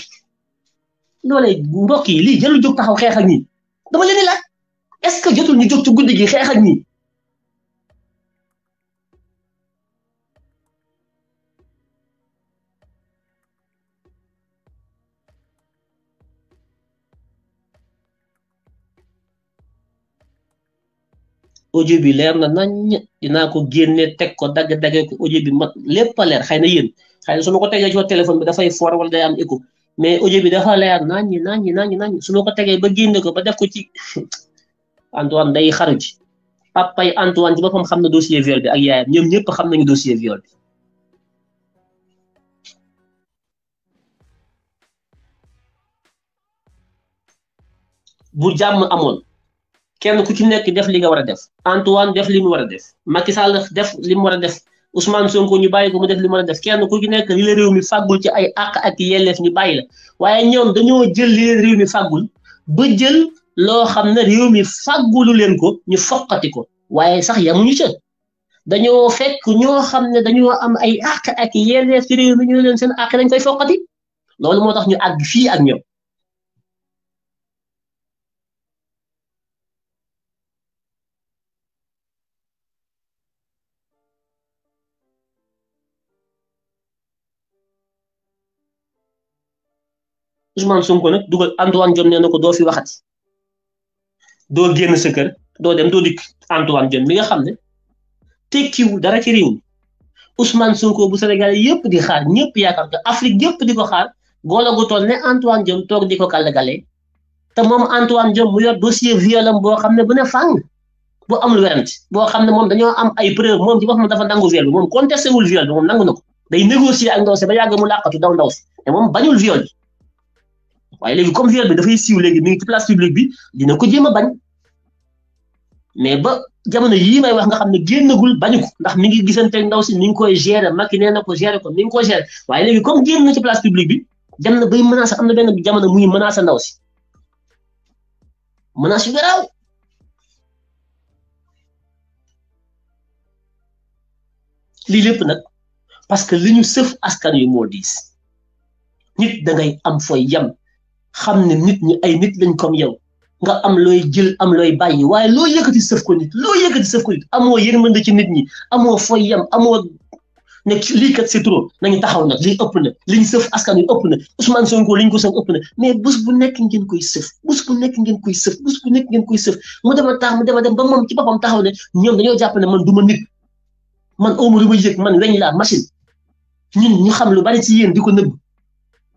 loolee mbokk yi lii jëlu jóg taxaw xeex ak ñii dama leen di laaj est ce que jotul ñu jóg ci guddi gi xeex ak ñii audio bi leer na nañ dina ko génne teg ko dagg dagg ko audio bi mat lépp leer xëy na yéen xëy na su ma ko tegee ci téléphone bi dafay for wala day am écho mais audio bi dafa leer nañ nañ nañ nañ su ma ko tegee ba génne ko ba def ko ci *coughs* Antoine day xaru ci papay Antoine ci boppam xam na dossier viol bi ak yaayam ñoom ñëpp xam nañu dossier viol bi bu jàmm amoon kenn ku ci nekk def li nga war a def Antoine def li mu war a def Macky Sall def li mu war a def Ousmane Sonko ñu bàyyi ko mu def li mu war a def kenn ku ci nekk li la réew mi fàggul ci ay àq ak yelleef ñu bàyyi la waaye ñoom dañoo jël li leen réew mi fàggul ba jël loo xam ne réew mi fàggulu leen ko ñu foqati ko waaye sax yamuñu ca dañoo fekk ñoo xam ne dañoo am ay àq ak yelleef ci réew mi ñu leen seen àq dañ koy foqati loolu moo tax ñu àgg fii ak ñoom Ousmane Sonko nag dugal Antoine Diome nee na ko doo fi waxati doo génn sa doo dem doo dikk Antoine Diome mi nga xam ne tekkiwu dara ci réew mi Ousmane Sonko bu Sénégal yëpp di xaar ñëpp yaakaar ko Afrique yëpp di ko xaar góor gu toll ne Antoine Diome toog di ko kàllagale te moom Antoine Diome mu yor dossier violam boo xam ne bu ne fàng bu amul werante boo xam ne moom dañoo am ay preuve moom ci boppam dafa nangu viol bi moom contesté wul viol moom nangu na ko day négocier ak ndaw si yàgg mu làqatu daw ndaw si te waaye léegi comme viol bi dafay siiw léegi mi ngi ci place publique bi dina ko jéem a bañ mais ba jamono yii may wax nga xam ne génnagul bañu ko ndax mi ngi gisante ndaw si mi ngi koy gérer Macky nee na ko gérer ko mi ngi koy gérer waaye léegi comme génna na ci place publique bi dem na bay menace am na benn jamono muy menace ndaw si menace yu garaaw lii lépp nag parce que li ñu sëf askan yu moo diis nit da ngay am fooy yem. xam ne nit ñi ay nit lañ kom yow nga am looy jël am looy bàyyi waaye loo yëkkati sëf ko nit loo yëkkati sëf ko nit amoo yërmande ci nit ñi amoo foy yam amoo ne lii kat c'est trop nañu taxaw na lii ëpp na liñ sëf askan wi ëpp na Ousmane Sonko liñ ko sëf ëpp na mais bus bu nekk ngeen koy sëf bés bu nekk ngeen koy sëf bés bu nekk ngeen koy sëf mu dem a tax mu dem a dem ba moom ci boppam taxaw ne ñoom dañoo jàpp ne man du ma nit man oomu lu ma man weñ laa machine ñun ñu xam lu bari ci yéen di ko nëbb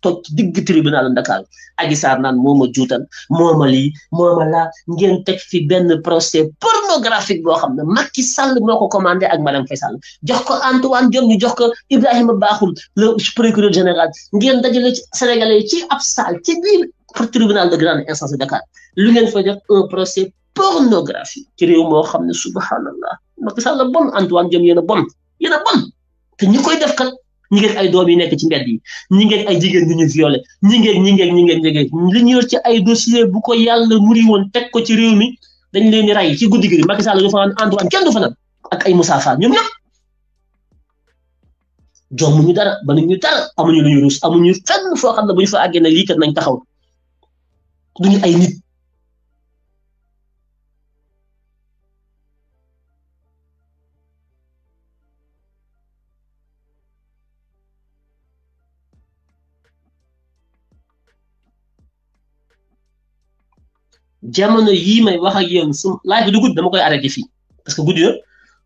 toog ci digg tribunal Dakar Adji Sarr naan moo ma juutal moo ma lii moo ma laa ngeen teg fi benn procès pornographique boo xam ne Macky Sall moo ko commandé ak madame Faye Sall jox ko Antoine Diome ñu jox ko Ibrahima Bakhoum le procureur général ngeen dajale ci Sénégalais ci ab salle ci biir tribunal de grande instance de Dakar lu ngeen fay def un procès pornographie ci réew moo xam ne subhanallah Macky Sall bon Antoine Diome yéen a bon yéen a bon te ñu koy def kat. ñi ay doom yi nekk ci mbedd yi ñi ngeeg ay jigéen ñu ñu violé ñi ngeeg ñi ngeeg ñi ngeeg ñi ngeeg li ñu yor ci ay dossier bu ko yàlla muri woon teg ko ci réew mi dañ leen di rey ci guddi gi Macky Sall du fanaan Antoine kenn du fanaan ak ay Moussa Fall ñoom ñëpp jommuñu dara banuñu dara amuñu lu ñu ruus amuñu fenn foo xam ne bu ñu fa àggee ne lii nañ taxaw duñu ay nit jamono yii may wax ak yéen su laaj du gud dama koy arrêté fi parce que guddi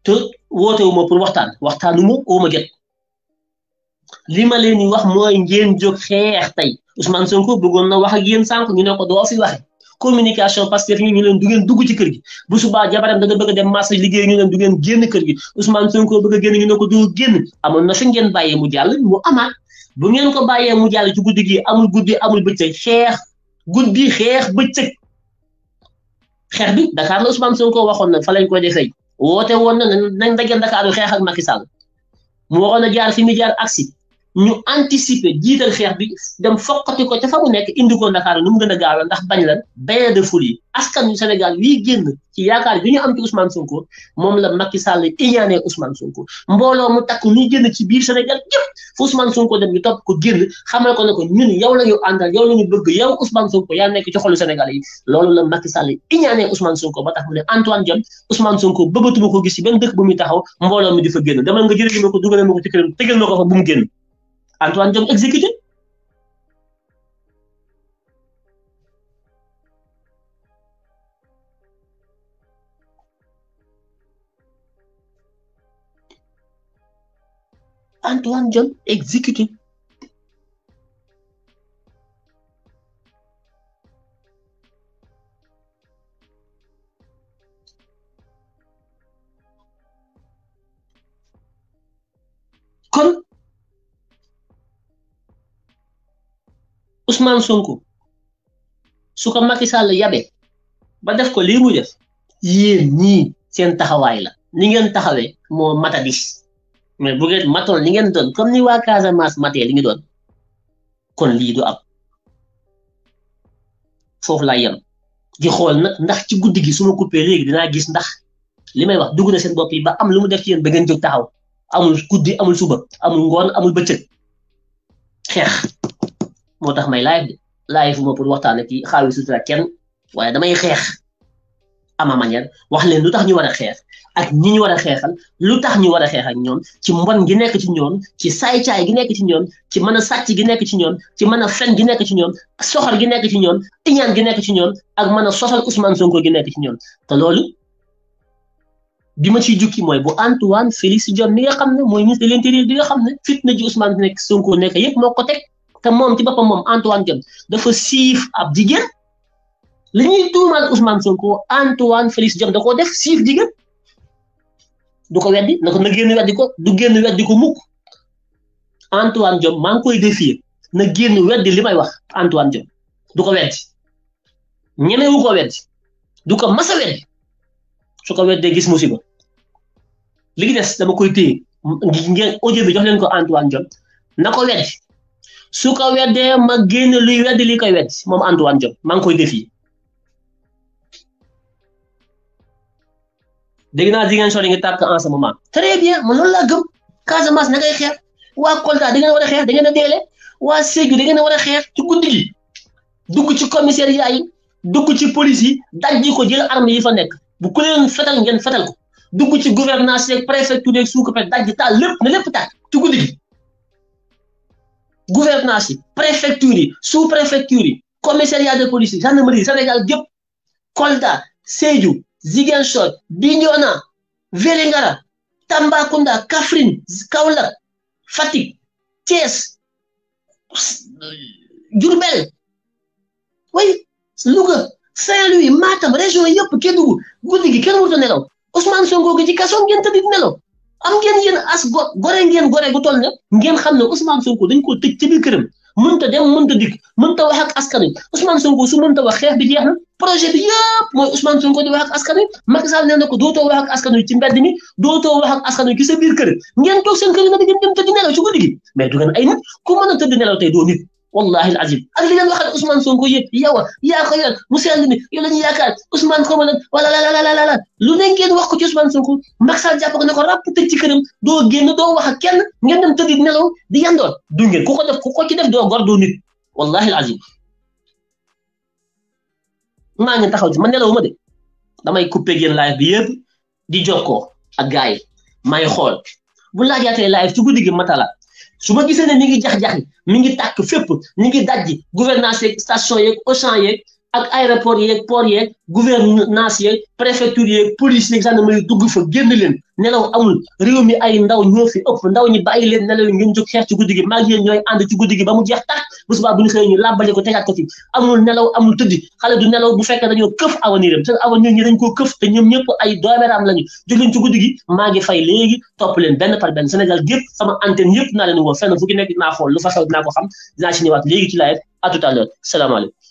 te woote wu pour waxtaan waxtaan ma oo ma jot li ma leen di wax mooy ngeen jóg xeex tey Ousmane Sonko bëggoon na wax ak yéen sànq ñu ne ko doo fi waxe communication parce que ñu leen du ngeen dugg ci kër gi bu a dem marché liggéey ñu leen du ngeen génn kër gi Ousmane Sonko bëgg a génn ñu ne ko doo génn na fi ngeen bàyyee mu jàll mu amaat bu ngeen ko bàyyee mu jàll ci guddi gi amul guddi amul bëccëg xeex bi xeex bëccëg xeex bi Dakar la Ousmane Sonko waxon na fa lañ ko defey wote won na nañ dajal Dakar xeex ak Macky Sall mu waxoon na jaar fi mi jaar aksi ñu anticiper jiital xeex bi dem foqati ko ca fa mu nekk indi ko Dakar num mu gën a gaawee ndax bañ lan bain de foule askan ñu Sénégal wi génn ci yaakaar bi ñu am ci Ousmane Sonko moom la Macky Sall iñaanee Ousmane Sonko mbooloo mu takk ñu génn ci biir Sénégal yépp fu Ousmane Sonko dem ñu topp ko génn xamal ko ne ko ñun yow la ñu àndal yow la ñu bëgg yow Ousmane Sonko yaa nekk ci xolu Sénégal yi loolu la Macky Sall iñaanee Ousmane Sonko ba tax mu ne Antoine Diome Ousmane Sonko bëggatuma ko gis ci benn dëkk bu muy taxaw mbooloo mi di fa génn demal nga jërëjëf ko dugalal ko ci këram tegal ma ko fa bu mu génn Antoine Diome exécuté Antoine Diome exécuté Ousmane Sonko su ko mati Sall yabe ba def ko lii def yéen ñii seen taxawaay la ni ngeen taxawee moo matadis mais bu ngeen matoon li ngeen doon comme ni waa Casamance matee li ñu doon kon lii du am foofu laa yem di xool nag ndax ci guddi gi suma ma coupé léegi dinaa gis ndax li may wax dugg ne seen bopp yi ba am lu mu def ci yéen ba ngeen jóg taxaw amul guddi amul suba amul ngoon amul bëccëg xeex moo tax may live de live ma pour waxtaan ki kii xaawi sutura kenn waaye damay xeex ama manière wax leen lu tax ñu war a xeex ak ñi ñu war a xeexal lu tax ñu war a xeex ak ñoom ci mbon gi nekk ci ñoom ci saay-caay gi nekk ci ñoom ci mën a sàcc gi nekk ci ñoom ci mën a fen gi nekk ci ñoom soxor gi nekk ci ñoom iñaan gi nekk ci ñoom ak mën a sosal Ousmane Sonko gi nekk ci ñoom te loolu bi ma ciy jukki mooy bu Antoine Félix Diome mi nga xam ne mooy ministre de l'intérieur bi nga xam ne fitna ji Ousmane nekk Sonko nekk yëpp moo ko teg te moom ci boppam moom Antoine Diome dafa siif ab jigéen li ñuy tuumaal Ousmane Sonko Antoine Félix Diome da ko def siif jigéen du ko weddi na ko na génn weddi ko du génn weddi ko mukk Antoine Diome maa ngi koy défier na génn weddi li may wax Antoine Diome du ko weddi wu ko weddi du ko mas weddi su ko weddee gis musiba li gi des dama koy téye ngeen audio bi jox leen ko Antoine Diome na ko weddi su ko weddee ma génn li wedd li koy wedd moom Antoine Diome maa ngi koy defi dégg naa Ziguinchor yi ngi tàkk en ce moment très bien man loolu laa gëm Casamance na ngay xeex waa Kolda da ngeen war a xeex da ngeen a deele waa Sédhiou da ngeen war a xeex ci guddi dugg ci commissariat yi dugg ci police yi dajji ko jël arme yi fa nekk bu ku leen fetal ngeen fetal ko dugg ci gouvernance yeeg préfecture yeeg sous-préfecture dajji taal lépp na lépp ta ci guddi gouvernance préfecture sous-préfecture commissariat de police gendarmerie Sénégal Diop, Kolda Sédhiou Ziguinchor Bignona Vélingara Tambacounda Kaffrine Kaolack Fatick Thiès Diourbel oui Louga Saint-Louis Matam région Yop, Kédougou guddi gi Ousmane Songo, gi ci kaso ngeen am ngeen yéen as go gore ngeen gore gu toll ne ngeen xam ne Ousmane Sonko dañ koo tëj ci biir këram mënta dem mënta dikk mënta wax ak askan wi Ousmane Sonko su mënta wax xeex bi jeex na projet bi yëpp mooy Ousmane Sonko di wax ak askan wi Macky Sall nee na ko dootoo wi ci mbedd mi dootoo wax ak askan ci sa biir kër ngeen toog seen kër yi nag ngeen nelaw ci guddi gi mais du ay nit ku mën a tëdd nelaw tey doo nit wallahi al azim ak li ngeen waxal Ousmane Sonko yëpp yow a yaa ko yor mu sell mi lu ne ngeen wax ko ci Ousmane Sonko Macky Sall jàpp ko ne ko ràpp tëj ci këram doo génn doo wax ak kenn ngeen dem tëdd nelaw di yandoon du ngeen ku ko def ku ko ci def doo gor doo nit wallahi alazim maa ngi taxaw ci man nelaw ma de damay coupé yéen live bi yëpp di jokkoo a gars yi may xool bu laajaatee live ci guddi gi matala su ma gisee ne mi ngi jax-jaxi mi ngi tàkk fépp mi ngi dajji gouvernance yeeg station yeeg Auchan yeeg ak aéroport yeeg port yeeg gouvernance yeeg préfecture yeeg police yeeg gendarmerie dugg fa génn leen nelaw amul réew mi ay ndaw ñoo fi ndaw ñi bàyyi leen nelaw ngeen jóg xeex ci guddi gi mag yéen ñooy ànd ci guddi gi ba mu jeex tàkk bu subaa bu bu fekkee dañoo këf avenir am seen avenir ñi ñoom ñëpp ay doomeeraam lañu jóg leen ci guddi gi maa ngi fay léegi topp leen benn par benn Sénégal gépp sama antenne yëpp naa leen woo fenn fu ki nekk dinaa xool lu fa xew dinaa ko xam dinaa si ñëwaat léegi ci live à tout à l'heure